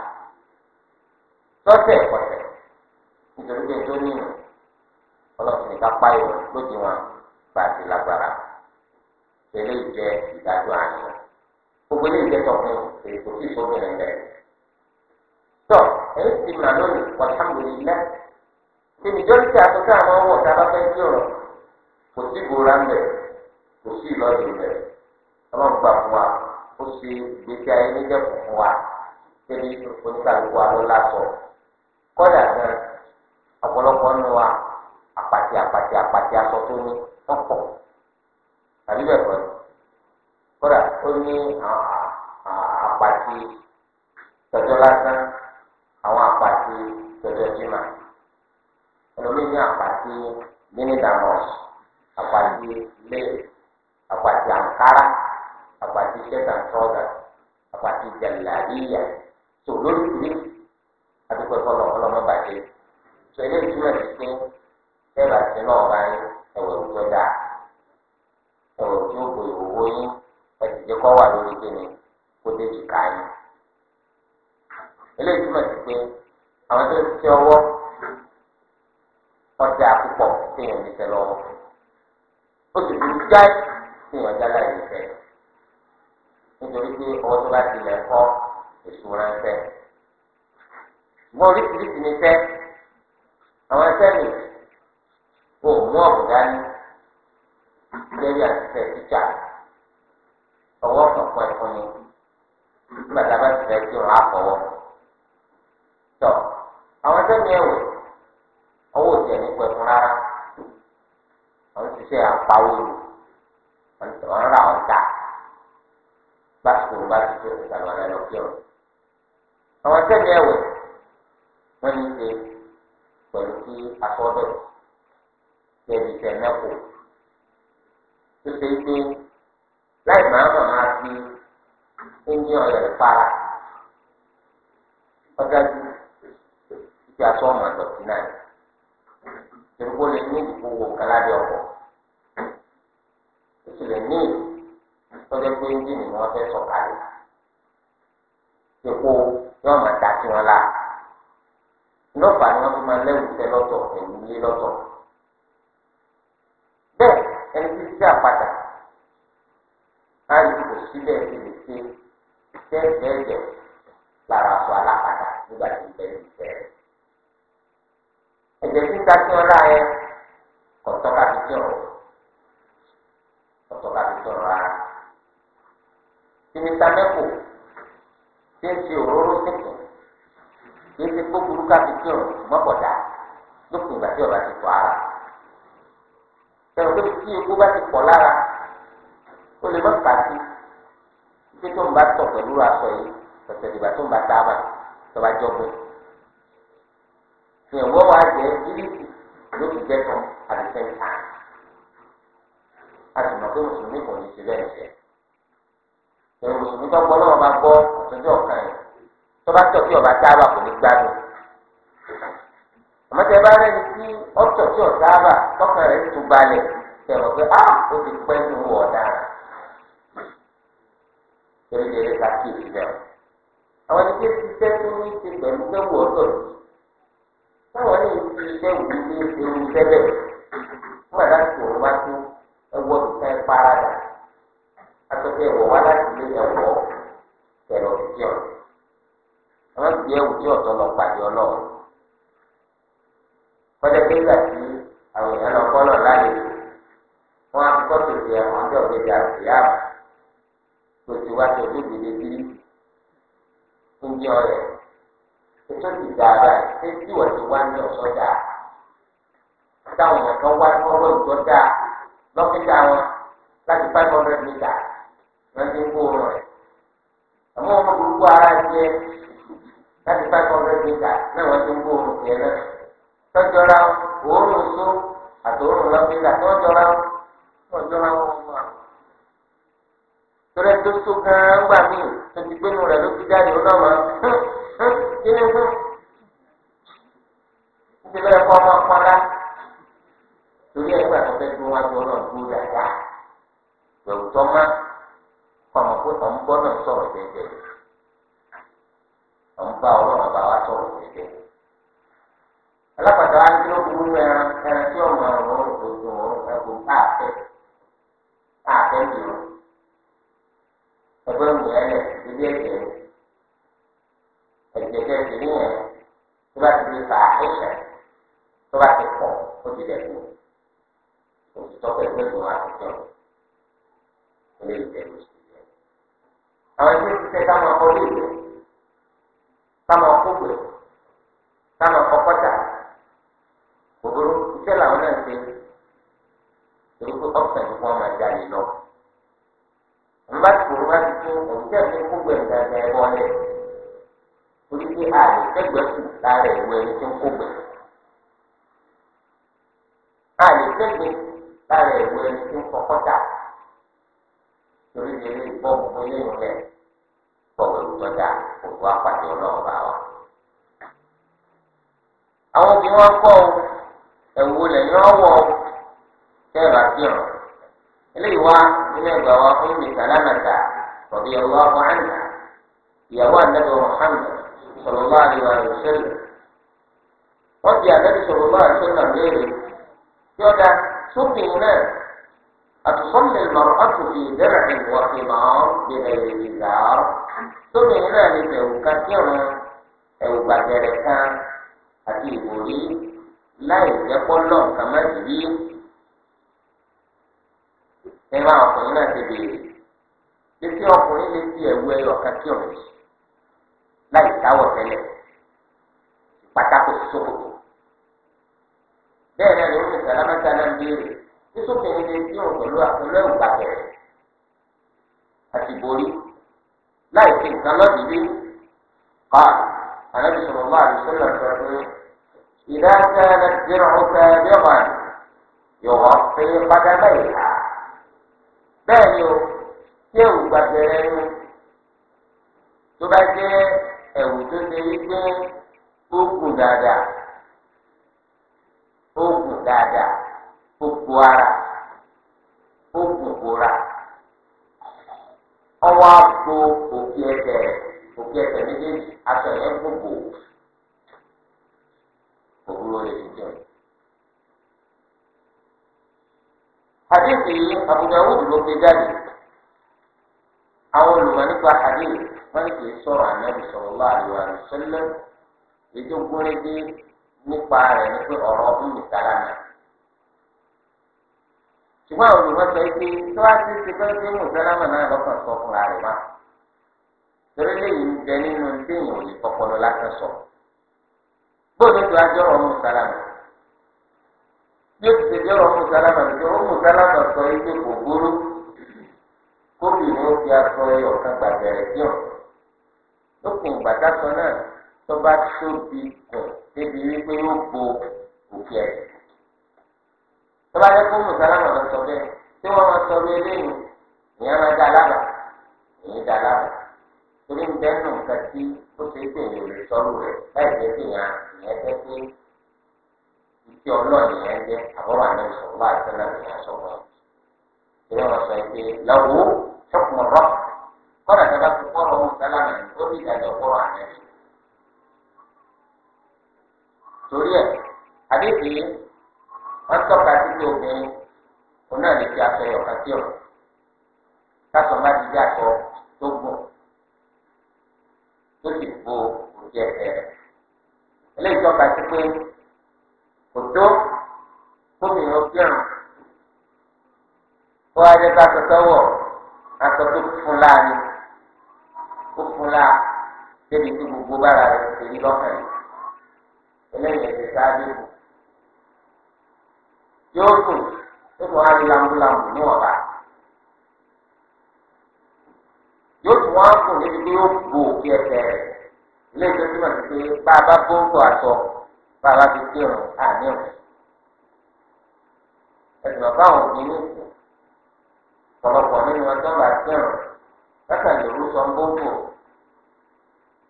lọ́sẹ̀ ẹ̀kọ́sẹ̀ nítorí pé tó ní ọlọ́sìn nìkan páyọ̀ lóde wọn bá ti lágbára tẹ̀lé ìjẹ́ ìdájọ́ àná gbogbo ilé ìjẹ́ tọkùn èkó tí ìṣòbìnrin bẹ̀rẹ̀. tọ ẹ̀yìn ti mà lónìí alhamdulillah tí majority àtúntà àwọn ọwọ́ ọ̀tá bá fẹ́ sí ọ̀rọ̀ kò sí ìbora ń bẹ̀ kò sí ìlọ́ọ̀dì ń bẹ̀ ọlọ́run gbà fún wa ó ṣe gbèsè ayé níjẹ̀kùn fún wa tẹ́lẹ̀ oníkàlùkù alọ́lá sọ kọ́dà gan ọ̀pọ̀lọpọ̀ nù wa àpàtì àpàtì àpàtì aṣọ tó ní wọ́n pọ̀ tàbí bẹ́ẹ̀ kọ́ ni kódà ó ní àpàtì tọ̀jọ́ lásán àwọn àpàtì tọ̀jọ́ jìmà ẹlòmíì ní àpàtì minidanos àpàtì lẹ́ẹ̀ àpàtì àǹkárá àpàtì ṣẹ́tàntọ́dà àpàtì jàlàdíyà tó lórí ìlú àti pẹ̀lú ọlọ́mọbàjẹ́ pẹ̀lú ìtumọ̀ sí pé bẹ́ẹ̀ bá ti náà bá yín ẹ̀wẹ̀ òjò dà ẹ̀wẹ̀ òjò ògbò ìwòwò yín ẹ̀ sì jẹ́ kọ́ wà lórí kíni kó dé jìkà yín. eléyìí túmọ̀ sí pé àwọn tó ń ṣe ọwọ́ ọjà púpọ̀ téèyàn níṣẹ́ lọ́wọ́ ó sì burú jáì téèyàn já láì níṣẹ́ nítorí pé ọwọ́ tó bá tilẹ̀ kọ́ èso ránṣẹ́ ṣùgbọ́n oríṣiríṣi níṣẹ́. àwọn ẹsẹ̀ mi sí pé tó ń bá tọ̀ pẹ̀lú aṣọ yìí tọ̀tẹ̀ dìgbà tó ń bá tábà tọ́ba jọ pé fi ẹ̀wọ́ wa jẹ́ bíríkì ló ti jẹ́ tán àdìsẹ́ ta a sì mọ̀ pé mùsùlùmí kò ní ti bẹ́ẹ̀ jẹ́ ẹ̀rù mùsùlùmí tó gbọ́ lọ́wọ́ máa gbọ́ àtúndì ọ̀kan yẹn tọ́ba tọ̀ tí ọba tábà kò ní gbádùn àmọ́tẹ́ bá rẹ̀ ní kí ọ̀tọ̀ tí ọ̀táàbà tọkàn rẹ̀ tó balẹ̀ tẹ̀rọ pé a ah, ó ti pẹ́ nínú ọ̀daràn kérékéré ká kí èsì bẹ́ẹ̀. àwọn ẹni tí ṣiṣẹ́ tó ní ṣe pẹ̀lú kẹ́wù ọ̀tọ̀ sí táwọn ní ti kẹ́wù ní ṣe ṣe ń tẹ́lẹ̀ fún àdáṣe òun wá sí ẹwọ́ ìfẹ́ parada atọ́kẹ́ ẹ̀wọ̀ wá láti lé ẹ̀wọ̀ tẹ̀lọ̀ sí ọ̀ àwọn ti ẹ̀wù tí ọ̀tọ̀ lọ pàdé ọlọ́run pẹ́lẹ́pẹ́ ìgbà tí àwọn èèyàn lọ kọ́ lọ lálejò wọn á kọ́ tòṣì ẹ̀wọ̀n ọjọ́ ìgbéga ìyá àbùkù tó ti wá tó tó gbèdé bí oúnjẹ ọ̀rẹ́ ètò ti dàgbà ṣé tí wọ́n ti wá ní ọ̀sọ́ dà táwọn èèyàn kan wá lọ́wọ́ ìjọ dà lọ́kítà wọn láti five hundred mita wọ́n ti ń kó oorun rẹ̀ àmọ́ wọn burúkú ara jẹ láti five hundred mita náà wọ́n ti ń kó oorun jẹ náà tọ́jọ́ra òórùn só àtòórùn lọ́kítà tọ́jọ́ra tọ́jọ́ra wọn torí ẹni tó tó gan-an gbà mí tó ti gbénu rẹ̀ ló fi jáde ó náà máa kí ni fún níbi lọ́yẹ̀ kọ́ ọmọ pọ́nlá torí ẹgbẹ́ àtọ́fẹ́ tó wá jọ náà dúró dáadáa ìwẹ̀wù tó má kọ́ ọmọ pé ọ̀n bọ́ náà sọ̀rọ̀ jẹ́jẹ́ ọ̀n bá ọlọ́run bá wa sọ̀rọ̀ jẹ́jẹ́ alápàtà wa ń dúró burú mẹ́rin. borí láì fi nǹkan lọ́dún dé pa àlejò sọ̀rọ̀ ìdájọ́ ẹlẹ́dìrì ọ̀fẹ́ padà bẹ́ẹ̀ bẹ́ẹ̀ ni o tí èwù gbàgbẹ́rẹ́ ni tó bá jẹ́ ẹ̀wù tó ṣe dáadáa dáadáa ara ọwọ́ bụ òkè ẹsẹ̀ òkè ẹsẹ̀ méjèèjì aṣọ yẹn gbogbo òwúrò lè fi jẹun. Hadithi Abu Dawud ló gbé jáde. Àwọn olùmọ̀ nípa wọ́n sọ̀rọ̀ nípa rẹ̀ ṣùgbọ́n àwọn olùmọ̀sọ ike tó wá sí ṣe pé pé mùsàlámà náà lọ́kàn sọ fúnra rẹ̀ wá torí léyìí ń bẹ nínú téèyàn ò lè fọpọlọ lásán sọ bóòlù tó ajọ́ ọ̀rọ̀ mùsàlámà bí ó ti ṣe jọ́rọ̀ mùsàlámà tó ó mùsàlámà sọ ike kò gbóró kóbì ni ó fi aṣọ ọ̀kan gbàgbẹ̀rẹ̀ sí ọ̀ lókun ìgbàdásọ náà tó bá tóbi kù débi wípé ó bo òkè ẹ̀sìn tọ́ba yẹ kó mùsàlámà lọ sọ bẹ́ẹ̀ tí wọ́n máa sọ bí eléyìí ìyẹn máa dá alábà ìyẹn dá alábà torí ń bẹ́ẹ̀ nù nǹkan tí ó ṣe pé èyí ò lè sọ́rù rẹ̀ láì jẹ́ pé ìyẹn ìyẹn jẹ́ pé ìtì ọlọ́ọ̀ni ìyẹn jẹ́ àbọ̀wọ̀ àná ìṣòro bá àti náà ìyẹn sọ wọn. ìyẹn wọn sọ pé lọ́wọ́ ṣọ́kùnrin rọ́ kọ́nà tí a bá ti mùsàlámà ní sí obìnrin òun náà lè fi aṣọ ẹ̀yọ̀kan sí ọ̀rọ̀ káṣọ má ti jẹ́ aṣọ tó gùn tó sì bo òkè ẹsẹ̀ rẹ̀ eléyìí tọ́ka sí pé kò tó gómìnà fíọ̀n kó adé bá tọ́tọ́ wọ̀ aṣọ tó fún láàrin ó fún la débi tí gbogbo bára rẹ̀ ti rí lọ́kàn yìí eléyìí ẹ̀sẹ̀ sáájú yóò dùn nínú ayé lamúlamù ní ọ̀la yóò tún wá dùn níbi tí yóò bu òkè ẹsẹ̀ rẹ̀ ilé ìjọ tí wọ́n ti pé bá a bá bó aṣọ bá a bá fi kírun àní ọ̀hún ẹ̀sìn àwọn òbí ní ìsìn ọ̀pọ̀lọpọ̀ nínú ọjọ́ bá kírun látàlẹ́ orúkọ ń bó bò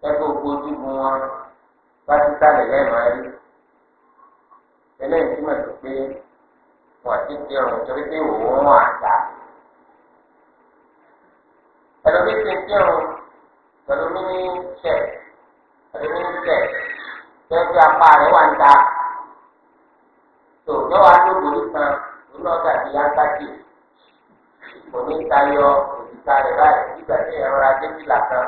ẹgbẹ́ òkú ojúgun wọn bá ti sálẹ̀ lẹ́nu ayé eléyìí túmọ̀ sí pé wọn ti fi ọrùn torí pé òun wọn àgbà ẹlòmíì ti fi ọrùn ẹlòmíì ní ṣẹ ẹlòmíì ní ṣẹ tẹ́tí apá rẹ̀ wà ń ta tó yọ̀wá lóbìnrin kan òun náà dàbí yánkàtì òní tayọ òdìta rẹ̀ báyìí nígbà tí ẹ̀rọ adébílà kan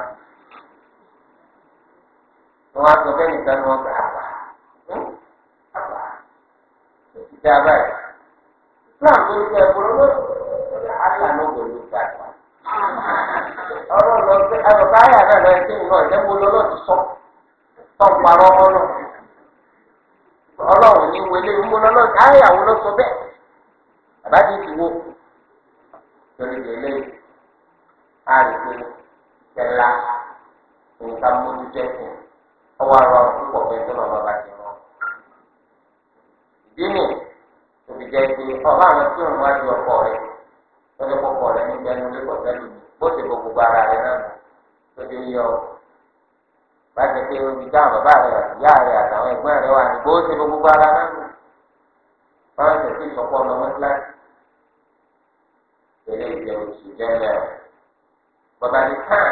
náà tó ní kẹ́ ẹ̀kọ́ lọ́wọ́ àlá ló gbé ní ìgbà tó. ọ̀rọ̀ lọ sí àbùkù ayé àná lọ sí ìlú ọ̀jẹ̀ mo lọ́lọ́ ti sọ tó ń parọ́ ọmọ náà. ọlọ́run ní wọlé mo lọ́lọ́ ayé àwọn lọ sọ bẹ́ẹ̀ àbájáde ti wo lórí ìdílé àrùkù tẹ̀lá nǹkan mójútó ẹ̀sìn ọwọ́ àrùn púpọ̀ pẹ̀lú ọ̀rọ̀ bàbá ti rán. ìdí nìyí jẹ́ pé ọba àwọn tí òun wájú ọkọ rẹ̀ lọ́dọ̀ pọ̀pọ̀ rẹ̀ nígbà ẹnu lẹ́kọ̀ọ́ sẹ́lẹ̀ mi bó ṣe bo gbogbo ara rẹ̀ náà lójú yọ bá jẹ́ pé omi táwọn bàbá rẹ̀ ìyá rẹ̀ àtàwọn ẹ̀gbọ́n rẹ̀ wà ní bó ṣe bo gbogbo ara náà báwọn ṣe sí ìsọpọ̀ ọmọ mọ́tíláṣí tẹ̀lé ìjẹ oṣù jẹ́lẹ̀ bàbá ní káà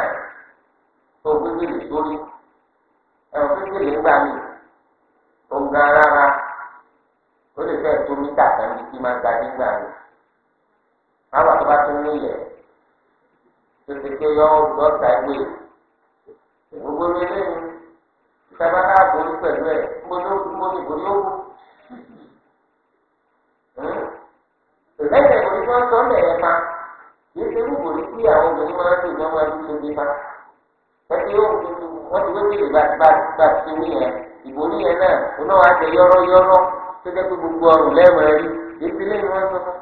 tó gbégbé lè sórí ẹ̀rọ gbégbé lè gbà mí ó ń rárá ó lè fẹ́ tó mítà kan bí kí máa gba dígbà mi báwa tó bá tún níyẹ tó ti pé yọ lọ́ta ìwé gbogbo ilé lẹ́yìn ìtajà ká borí pẹ̀lú ẹ̀ gbogbo ní borí ó kù lẹ́yìn ìborí tí wọ́n sọ ọ́ lẹ̀ ẹ̀ máa yìí ṣe wù borí tí àwọn obìnrin máa ń lò ní ọmọ ẹbí ṣe bí máa ẹtí yóò wọ́n ti wé bí ìgbà tí bá ti ṣe wí yẹn ìborí yẹn náà onáwó àjẹ yọ́rọ́ yọ́rọ́ tẹ́tẹ́ pé gbogbo ọrùn lẹ́wọ̀n ẹ̀rí ètí lẹ́yìn wọn sọ fún.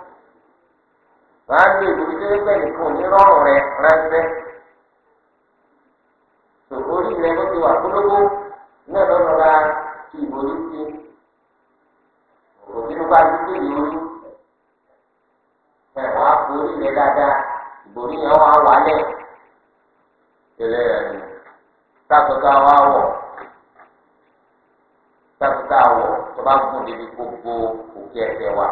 wàá gbé ìbòmí tó yẹ nìkan ò ní rọrùn rẹ ránṣẹ́. orí rẹ ló ti wà kólóbó náà lọ́nà bá ti ìbòmí sí. òbí ló bá ti gbé ìròyìn. ẹ wàá fi orí rẹ dáadáa ìbòmí yẹn wà wálẹ̀. ìṣẹ̀lẹ̀ rẹ̀ ni sáàtúntà wà wọ̀ sáfùtà wọ̀ tó bá gùn débi gbogbo òkè ẹsẹ̀ wa.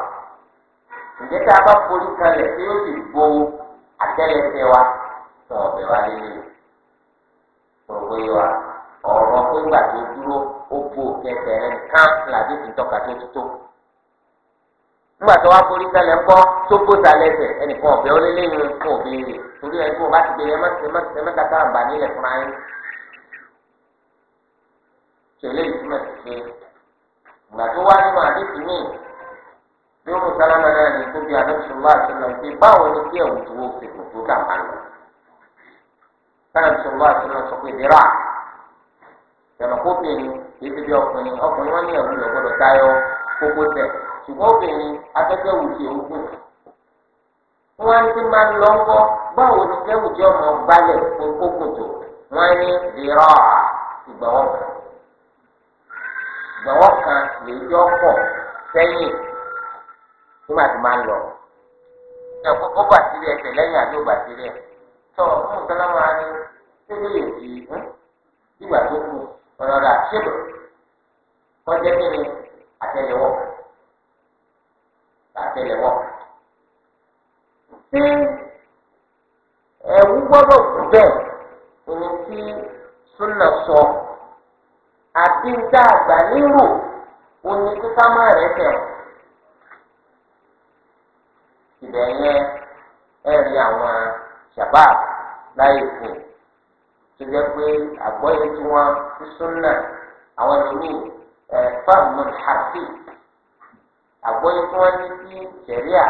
Ǹjẹ́ tá a bá forí kalẹ̀ tí ó sì bo àtẹ́lẹsẹ̀ wa tó ọ̀bẹ wa lélẹ̀? Òwe wa ọ̀rọ̀ pé gbà tó dúró ó bo òkè ẹsẹ̀ rẹ̀ nìkan làbí ti tọ́ka tó tó. Nígbà tó wá forí kalẹ̀ ń bọ́ tó bó sàlẹ̀sẹ̀ ẹnìkan ọ̀bẹ ó lélẹ́yìn fún òbí rẹ̀ torí ẹni tó bá ti gbé ẹ tẹ̀lé ìtumọ̀ sí pé ìgbà tó wá nínú àdéhùn míì bí ó mú sálámà náà ní tóbi àdéhùsọ̀lá àtúnlá pé báwo ni kí ẹ̀wù tó wọ́n ṣègùn tó dà máa lọ. sálámùsọ̀lá àtúnlá sọ pé ìdírà ìyàmọ̀kó obìnrin kìí ti bí ọkùnrin ọkùnrin wọn ní ẹ̀wù lọ gbọdọ̀ tayọ kókó tẹ̀ ṣùgbọ́n obìnrin afẹ́fẹ́ wù sí ogún. wọ́n ti máa ń lọ ńkọ́ báwo ni kẹ́wù tí ọmọ gbálẹ̀ fún kókò tó wọ́n ní ìdírà ìgbà wọn ìgbàwọ́ kan lèyí tí pọ̀ sẹ́yìn tó máa ti máa lọ. ẹ kókó bàtírí ẹsẹ̀ lẹ́yìn àdó bàtírí ẹ̀ tọ́ fún ìtọ́lámọ́ ara ní sílé èdè ìgbà tó kù ọ̀nà rà ṣébù kọjá kí ni àtẹ́lẹwọ́ àtẹ́lẹwọ́. tí ẹ̀wú gbọ́dọ̀ kú bẹ́ẹ̀ òní tí súnà sọ àti níta àgbà lérò òní kíkà má rẹ̀ tẹ̀ ọ́. ibẹ̀ yẹn ẹ rí àwọn ṣàbá láyé sìn tó jẹ́ pé àgbọ́yé tí wọ́n ti súnà àwọn ẹlòmíì ẹ̀ fáàmù hàfi àgbọ́yé tí wọ́n ní sí ṣẹ̀ríà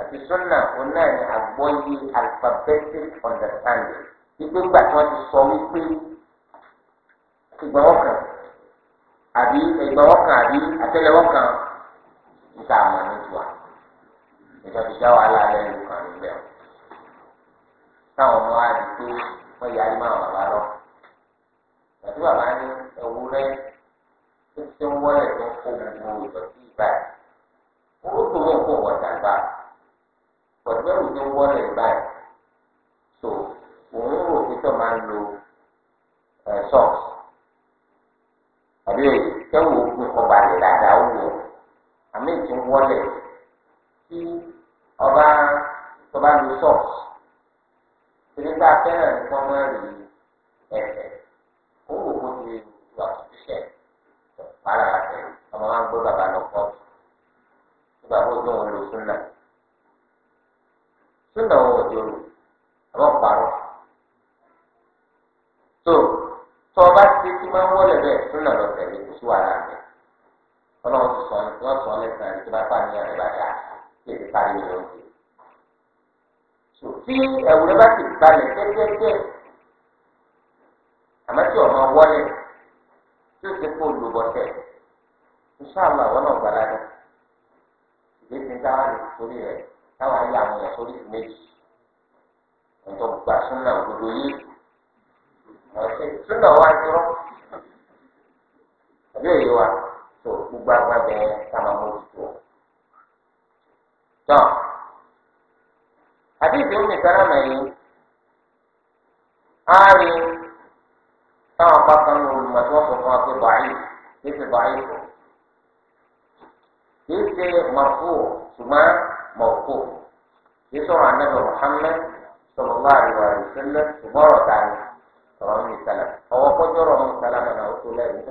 àti súnà òun náà ní àgbọ́yé alphabetic understanding gbígbégbà tí wọ́n ti sọ wípé ìgbà ọkàn àbí ẹgbẹ̀wọ́ kan àbí àtẹlẹwọ́ kan níta àmọ́ ní tiwa ìjọba ìjà wà lálẹ́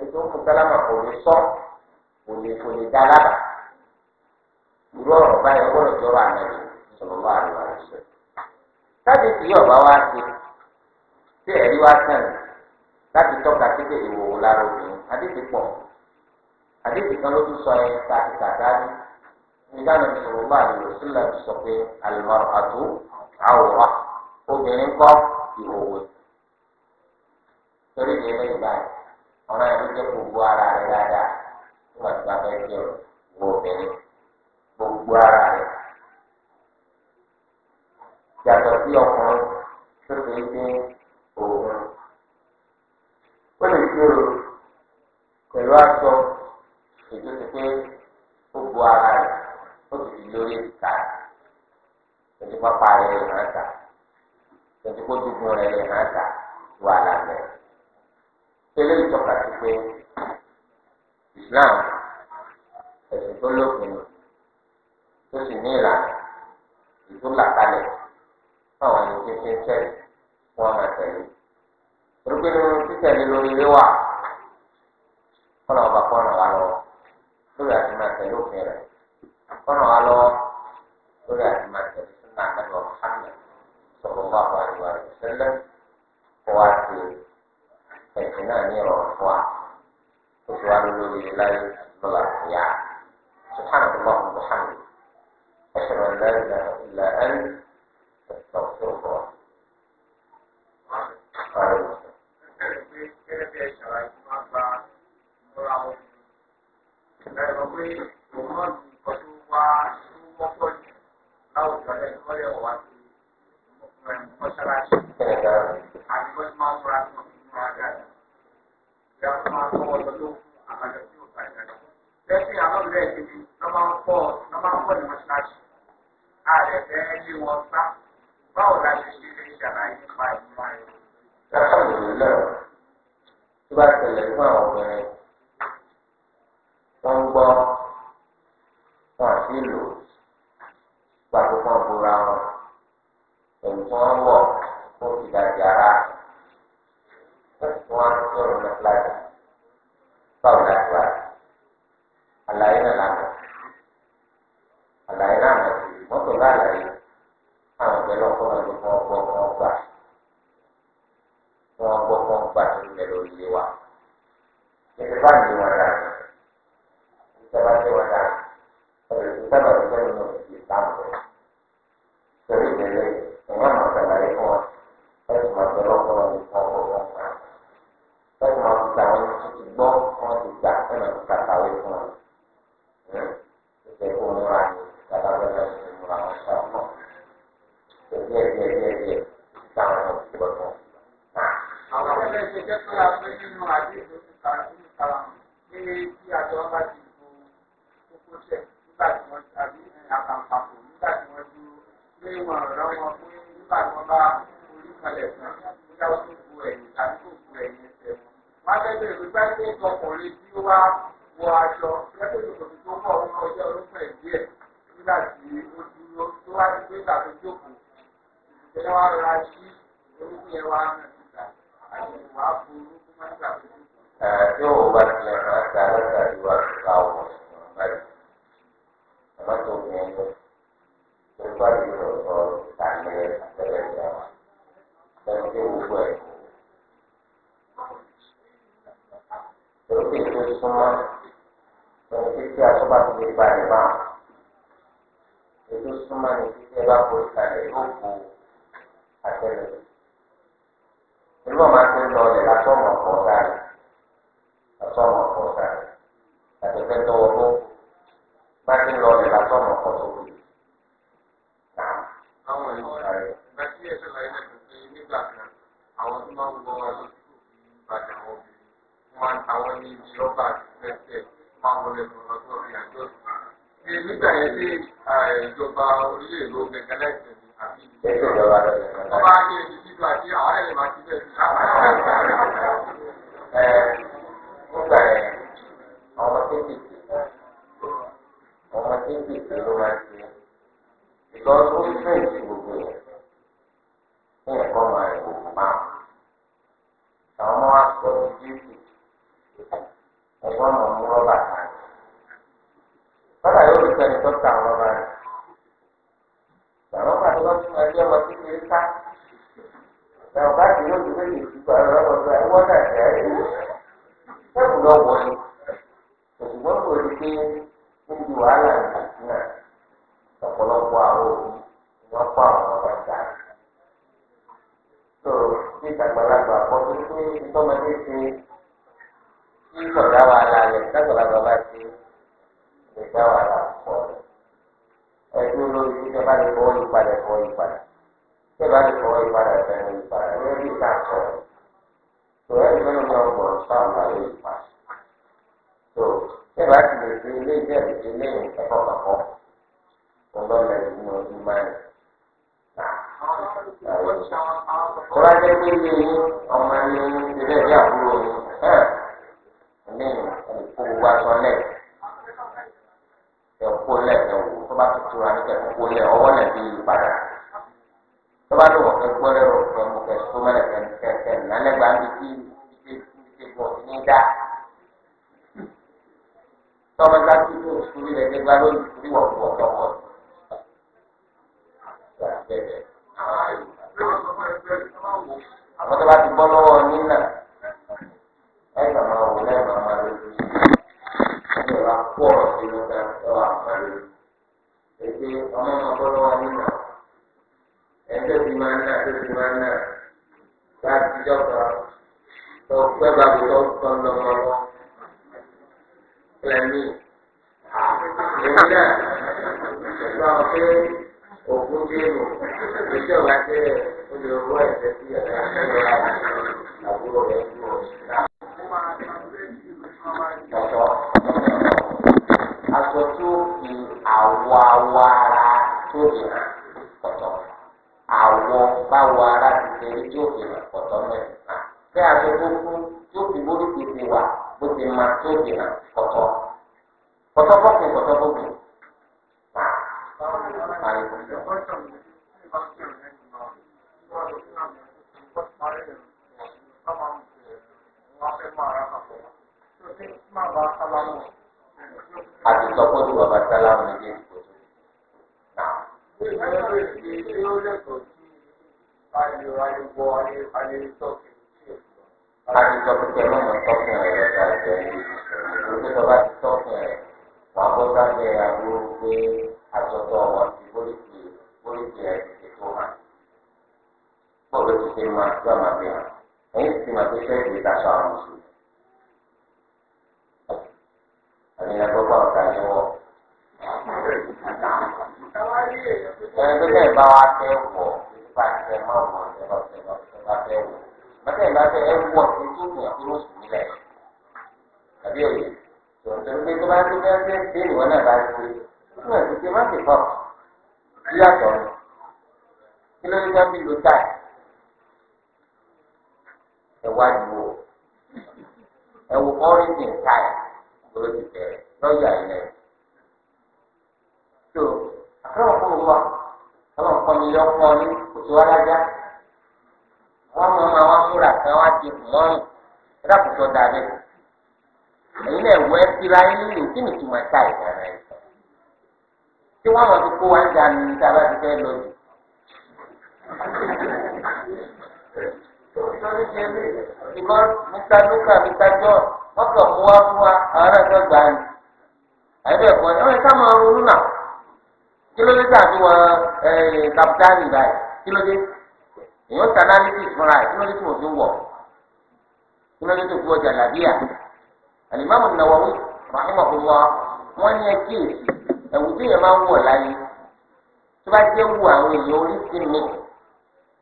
ẹni tó fún sálámà kò lè sọ kò lè kò lè dá lábà irú ọ̀rọ̀ báyìí gbọ́dọ̀ jọrọ ànábì sọ̀rọ̀ wá àríwá rẹ̀ sọ. sáàtì tí ọba wa ṣe tí ẹ̀rí wa sàn láti tọ́ka sí ìwòwò lára obìnrin adéṣe pọ̀ adéṣe kan ló tún sọ ẹ tàbí tàbí nígbà náà sọ̀rọ̀ wá àríwá sílẹ̀ sọ pé àlùmọ̀rọ̀ àtó àwòrán obìnrin kọ́ ìwòwò torí ìdílé báyìí ọ̀rọ̀ yẹn ló jẹ́ gbogbo ara rẹ̀ dáadáa nígbà tí bá fẹ́ jẹ́ wo obìnrin gbogbo ara rẹ̀ yàtọ̀ sí ọkùnrin tó ṣe é dé òun ó lè ṣòro pẹ̀lú aṣọ ètò ti pé ó bu ara rẹ̀ ó sì fi lórí ìta ètò pápá lè hàn ta ètò kó dùgbò lè hàn ta wà lábẹ́ tẹ́lẹ̀ ìtọ́ka ti pé Islam ẹ̀sìn tó lópin tó sì ní ìlànà ìlú làkàlẹ̀ fáwọn ẹni tí ń fi ń tẹ̀lé fún ọmọ tẹ̀lé torí pé nínú títẹ̀lé lórí ilé wà kọ́nà ọba kọ́nà wa lọ lórí àti máa tẹ̀lé òfin rẹ̀ kọ́nà wa lọ lórí àti máa tẹ̀lé sínú àgbàdo ọ̀hánà sọ̀rọ̀ wà wà lọ́wọ́ àti sẹ́lẹ̀ kó wá ẹ̀sìn náà ní ìrọ̀rùn fún wa ó sì wá lórí láyé lọ́la ìyá subhanahu wa ta'ala ashhadu an la ilaha illa anta astaghfiruka wa atubu ilayk gẹ́gẹ́ bí ẹ ṣàlàyé máa gba tó tó wọ́pọ̀ jù láwùjọ lẹ́nu pọ̀ ló máa ń pọ̀ ní mọ́ṣáláṣí ààrẹ fẹ́ lé wọn gbá. lórí tí ẹ bá lè fọwọ́ yí padà fọwọ́ yí padà tí ẹ bá lè fọwọ́ yí padà fẹ́ẹ́ yí padà lórí bí ká sọ tó ẹ ní mẹ́rin náà gbọ̀n sáwọn àlọ́ yí padà tó tí ẹ bá ti lè fi ilé jẹ́ ilé ẹ̀kọ́ kọ̀ọ̀kan wọn bá lè fi mọ ní báyìí. Kọ́lá jẹ́ pé ilé yín ọmọ ẹni ilé ẹ̀dí àbúrò yín ẹ̀ẹ́dẹ́gbẹ̀rún ẹ̀kọ́ gbogbo aṣọ lẹ́yìn. ìtura ní kẹ́kọ̀ọ́ kó lẹ ọwọ́ lẹ̀ bí ìpadà tọ́ba tó wọ̀ kẹ́ gbọ́ lẹ́rọ fẹ́ mo kẹ́ tó mẹ́lẹ̀ kẹ́ kẹ́kẹ́ nálẹ́gbà ń bí tí ti ti gbọ̀ sí ní dá tọ́ba ká tí tó sórí rẹ̀ gbégbá lónìí sórí wọ̀ wọ̀ tọ̀ wọ̀ àwọn tó ti bọ́ lọ́wọ́ nílẹ̀. tó ti máa nà bá àtijọ́ kan tó pẹ́ bàbá tó kàn lọ́mọ lọ. Lẹ́mí èmi náà sọ pé òkú dénú ìjọba tẹ o lè wọ ẹ̀jẹ̀ sí ẹ̀rọ ẹ̀rọ àbúrò rẹ̀ fún ọ. Ọ̀tọ̀ aṣọ tó tó dì wọ báwo ara ti ṣe rí tí ó fi hàn pọ̀tọ́ mẹ́rin mà bí aṣọ tó kú tí ó fi ti ma tí ó fi hàn pọ̀tọ́ pọ̀tọ́ pọ̀tọ́ sọ pé kẹ́ ẹ mọ̀mọ́ tọ́kùn rẹ̀ lọ́ta ìjọ ilé ìlú pé tọ́ba ti tọ́kùn rẹ̀ wà bọ́ sábẹ́ àbúrò pé àtọ́tọ́ wọn ti bólíkì bólíkì rẹ̀ ti ṣètò hàn. bọ́ọ̀lù ti ṣe máa tí wọ́n máa fi hàn ẹ̀yìn ti máa fi fẹ́ẹ́ fi àwọn mùsùlùmí. àmì ìyàgbọ́ bá ọ̀tá yẹn wọ̀. ẹ̀ẹ́dẹ́gbẹ̀ẹ́ bá wa fẹ́ wọ̀ nípa ìfẹ́ máa wọ̀ bàtà ìgbà tẹ ẹ wọ ní tó kù àti mùsùlùmí lẹ tàbí òye tòǹtò pé tó bá ti bẹ́ẹ̀ ṣe ṣe ìwọ náà bá ṣe fún ẹ̀sìn tí má ti pọ̀ yíyàtọ̀ ni kí ló ń gbà bí lo táì ẹ̀wá ìwò ẹ̀wò ọ́rìndìn táì ló ti bẹ̀rẹ̀ lọ́ọ̀yà ilẹ̀ tó àkàrà òkú wa ọlọ́ọ̀kan mi yọ fún ọ ní kòtò alájà wọ́n mọ ọmọ wọn múra kan wá di mọ́ọ̀n ẹ̀dá kò sọ dáa bẹ́ẹ̀. ẹ̀yin náà wọ ẹtí ra yín nílò kí ni ìtumọ̀ ẹ̀ka ìdára yìí. tí wọ́n mọ̀ ti kó wá ń ga ni níta bá ti fẹ́ lọ jù. ìmọ̀ mr luka mr john wọ́n kàn mú wá fún wa àwọn náà fẹ́ gbà ní. àyẹ̀bẹ̀ẹ̀kọ́ ẹ̀ ẹ̀ ká máa ronú náà kí ló dé tàbí wọn kàpítánì báyìí kí ló dé. èèyàn ta analysis fúnra ẹ̀ òfin wọ̀ wọn ní ẹkí èsì ẹ̀wù tí èèyàn máa ń wọ̀ láyé tó bá jẹ́ wù àwọn èèyàn orí sí mi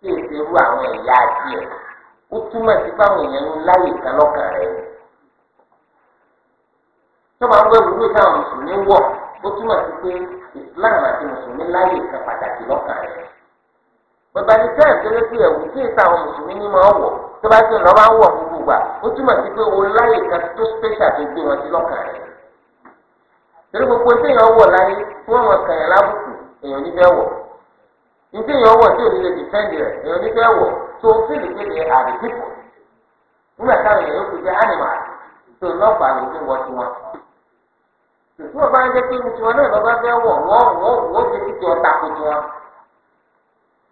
tí èsì wù àwọn ẹ̀yà àti ẹ̀ ó túmọ̀ sí fáwọn èèyàn láyè kan lọ́kàn rẹ̀ bàbá ní tẹ́ ìpele sí ẹ̀wù tí èsì àwọn mùsùlùmí ní máa wọ̀ tó bá ti lọ́ bá ń wọ̀ gbogbo gbà ó túmọ̀ sí pé o láyè tó wọn gbogbo wọ̀ láyé tí wọ́n kàn yẹn lábùkù èèyàn ní fẹ́ wọ̀ ní wọ̀ tí ò ní lè rẹ̀ èèyàn ní fẹ́ wọ̀ tó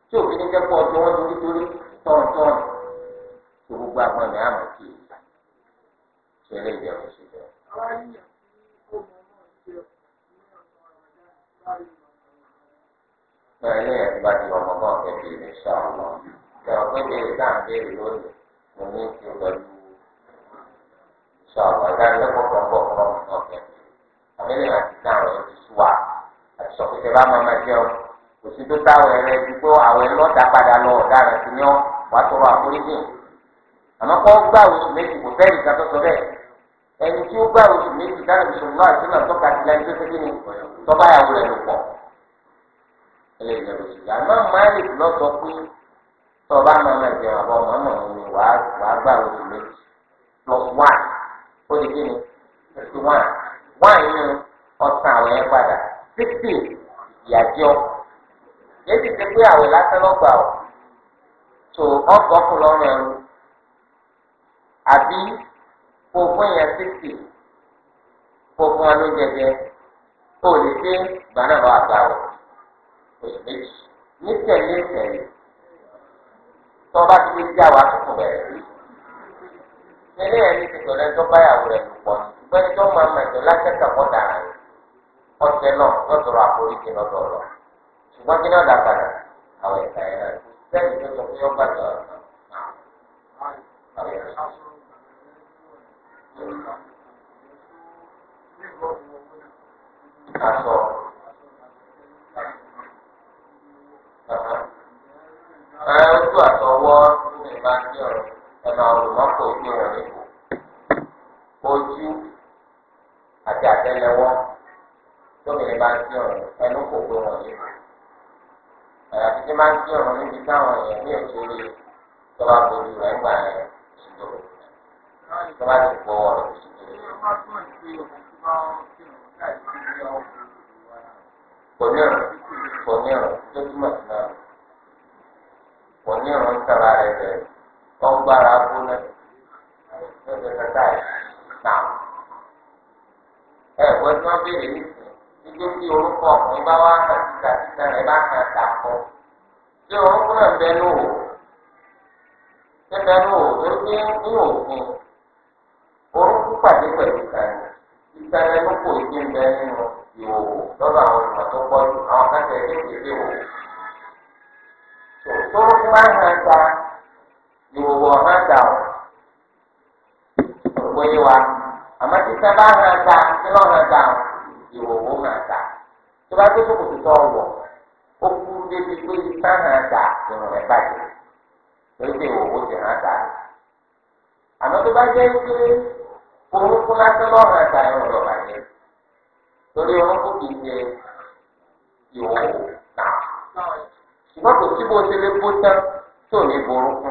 tí òfin ní kẹ́kọ̀ọ́ ọjọ́ wọn torí torí tọ̀ntọ̀n tó gbogbo agbọ̀n ní àmọ̀ kì í ṣẹlẹ̀ ìjẹun ìṣẹ̀lẹ̀. Ẹ̀rẹ́ ẹ̀gbá ti ọmọ náà kẹ́kẹ́ ní ṣàlọ́. Ẹ̀rọ pé béèrè náà ń béèrè lónìí, mo ní kí n pẹ̀lú ṣàlọ́ ìdánilẹ́kọ̀ọ́ kan bọ̀ fún ọmọ náà kẹ́kẹ́. Àmì lè rántí náà rẹ̀ ti sú àti sọ bá máa máa jẹun oṣù tó táwẹ̀ rẹ ju pé àwẹ̀ lọ́dà padà lọ ọ̀daràn sí ni ọ́ wàá tọrọ àforíjì àmọ́ kọ́ gbà oṣù méjì kò sẹ́ẹ̀lì kan tó sọ bẹ́ẹ̀ ẹni tí ó gbà oṣù méjì dáná ìṣòro àti náà tọ́ka sí lẹ́yìn tó ṣe kí ni tọ́ba ìyàwó rẹ̀ lò pọ̀ ẹlẹ́yìn lọ́dọ̀ ṣùgbọ́n àmọ́ máàlìkì lọ sọ pé tọ́ba mọ̀mọ́ ìjẹun àbọ̀ mọ̀mọ́ ni wàá gbà oṣù méjì plus one ó di kí ni fifty one one yìí ọ̀sán àwẹ̀ yẹn padà sixty ìyàjọ́ yéé ti ti pé àwẹ̀ lásán lọ́gbà ọ̀ tó ọgbọ́n kù lọ́rùn ẹrú àbí kó fún èèyàn sísì kó fún wọn lóúnjẹ jẹ kó lè dé ìgbà náà bá àgbà ọ̀ oṣù méjì ní tẹ̀lé tẹ̀lé tó bá ti lè dí àwọn àtúntò bẹ̀rẹ̀ nílé ẹni ti pẹ̀lú ẹni tó bá yàwó rẹ̀ lùpọ̀ ṣùgbọ́n ẹni tó máa mẹ̀tọ́ láti ẹ̀ka ọ̀sẹ̀ náà lọ́sọ̀rọ̀ àforíjì lọ́dọọdọ ṣùgbọ́n kí ni ọ̀dà padà àwọn ẹ̀ka ẹ̀ náà sẹ́ẹ̀dì tó sọ pé ó gbàgbé ọ̀rọ̀ náà àwọn ẹ̀ka náà. Aṣọ ẹ ojú àtọwọ́ ní ìbá ní ọ̀rọ̀ ẹ̀nà ọ̀rọ̀ mọ́tò ojú wọn nípò ojú àti àtẹlẹwọ́ tóbi ní ìbá ní ọ̀rọ̀ ẹnu kò gbé wọn nípò àyàfi tí máa ń kí ọ̀run níbi táwọn èèyàn ní ètò rí tó bá bojú rẹ̀ ń gbà yẹn ìṣòro tó bá ti gbọ́ ọ̀rọ̀ kò ní ọ̀rọ̀ kò ní ọ̀rọ̀ tó túmọ̀ sí náà sábà rẹ̀ bẹ̀rẹ̀ wọ́n gbóná lọ́jọ́ kẹta yìí náà ẹ̀ gbọ́dọ̀ béèrè ní ike tí orúkọ ọkùnrin bá wá hàn síta síta rẹ̀ bá hàn dàpọ̀ ṣé orúkọ náà bẹ ní òwò ṣé bẹ ní òwò tó ní ní òfin orúkọ pàdé pẹ̀lú ìkànnì ìkànnì ló kó ìdí ń bẹ nínú ìhòòhò lọ́dọ̀ àwọn ìmọ̀ tó pọ̀ jù àwọn akẹ́kẹ̀ẹ́ kékeré wò tó ń hàn ta ìhòòhò hàn dà ọ̀ òpóyé wa àmọ́ títẹ́ bá hàn ta kí lọ́ hàn ọ̀ ìwòwò máa dà tó bá gbé sókòtò tó wọ̀ ó kú débi pé ipá máa dà ìrùn rẹ̀ bàjẹ́ lórí pé ìwòwò ti hàn dà àmọ́ tó bá jẹ́ pé orúkú lásán lọ́rùn àtà ìrùn rẹ̀ bàjẹ́ torí orúkú kì í ṣe ìwòwò náà ṣùgbọ́n kò síbo ṣe lè bó tán tó ní borúkú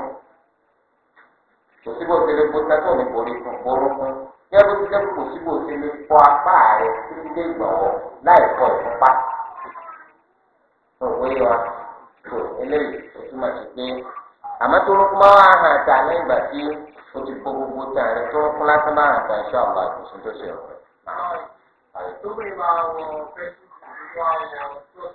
kò síbò sílé kó sátọ̀ ní borí fún borún fún yẹ́n bó ti dẹ́kun kò síbò sílé kó apá rẹ̀ títí dé ìgbọ̀wọ́ láì kọ ìfúnpá. òwe wa tó eléyìí tó túmọ̀ sí pé àmọ́ tó rúkú máa wá hàn tà lẹ́yìn ìgbà tí o ti kó gbogbo tà rẹ̀ tó rúkú lásán máa hàn tà ìṣọ́ àwọn àgùntàn tó ṣe ọ̀rọ̀. àwọn ìtòwé máa wọ fẹ́ẹ́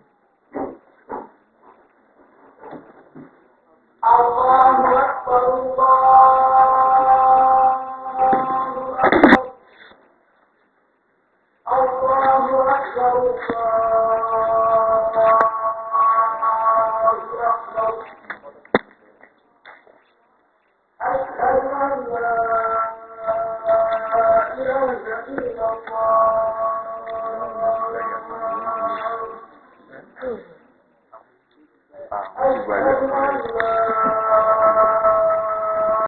الله أكبر الله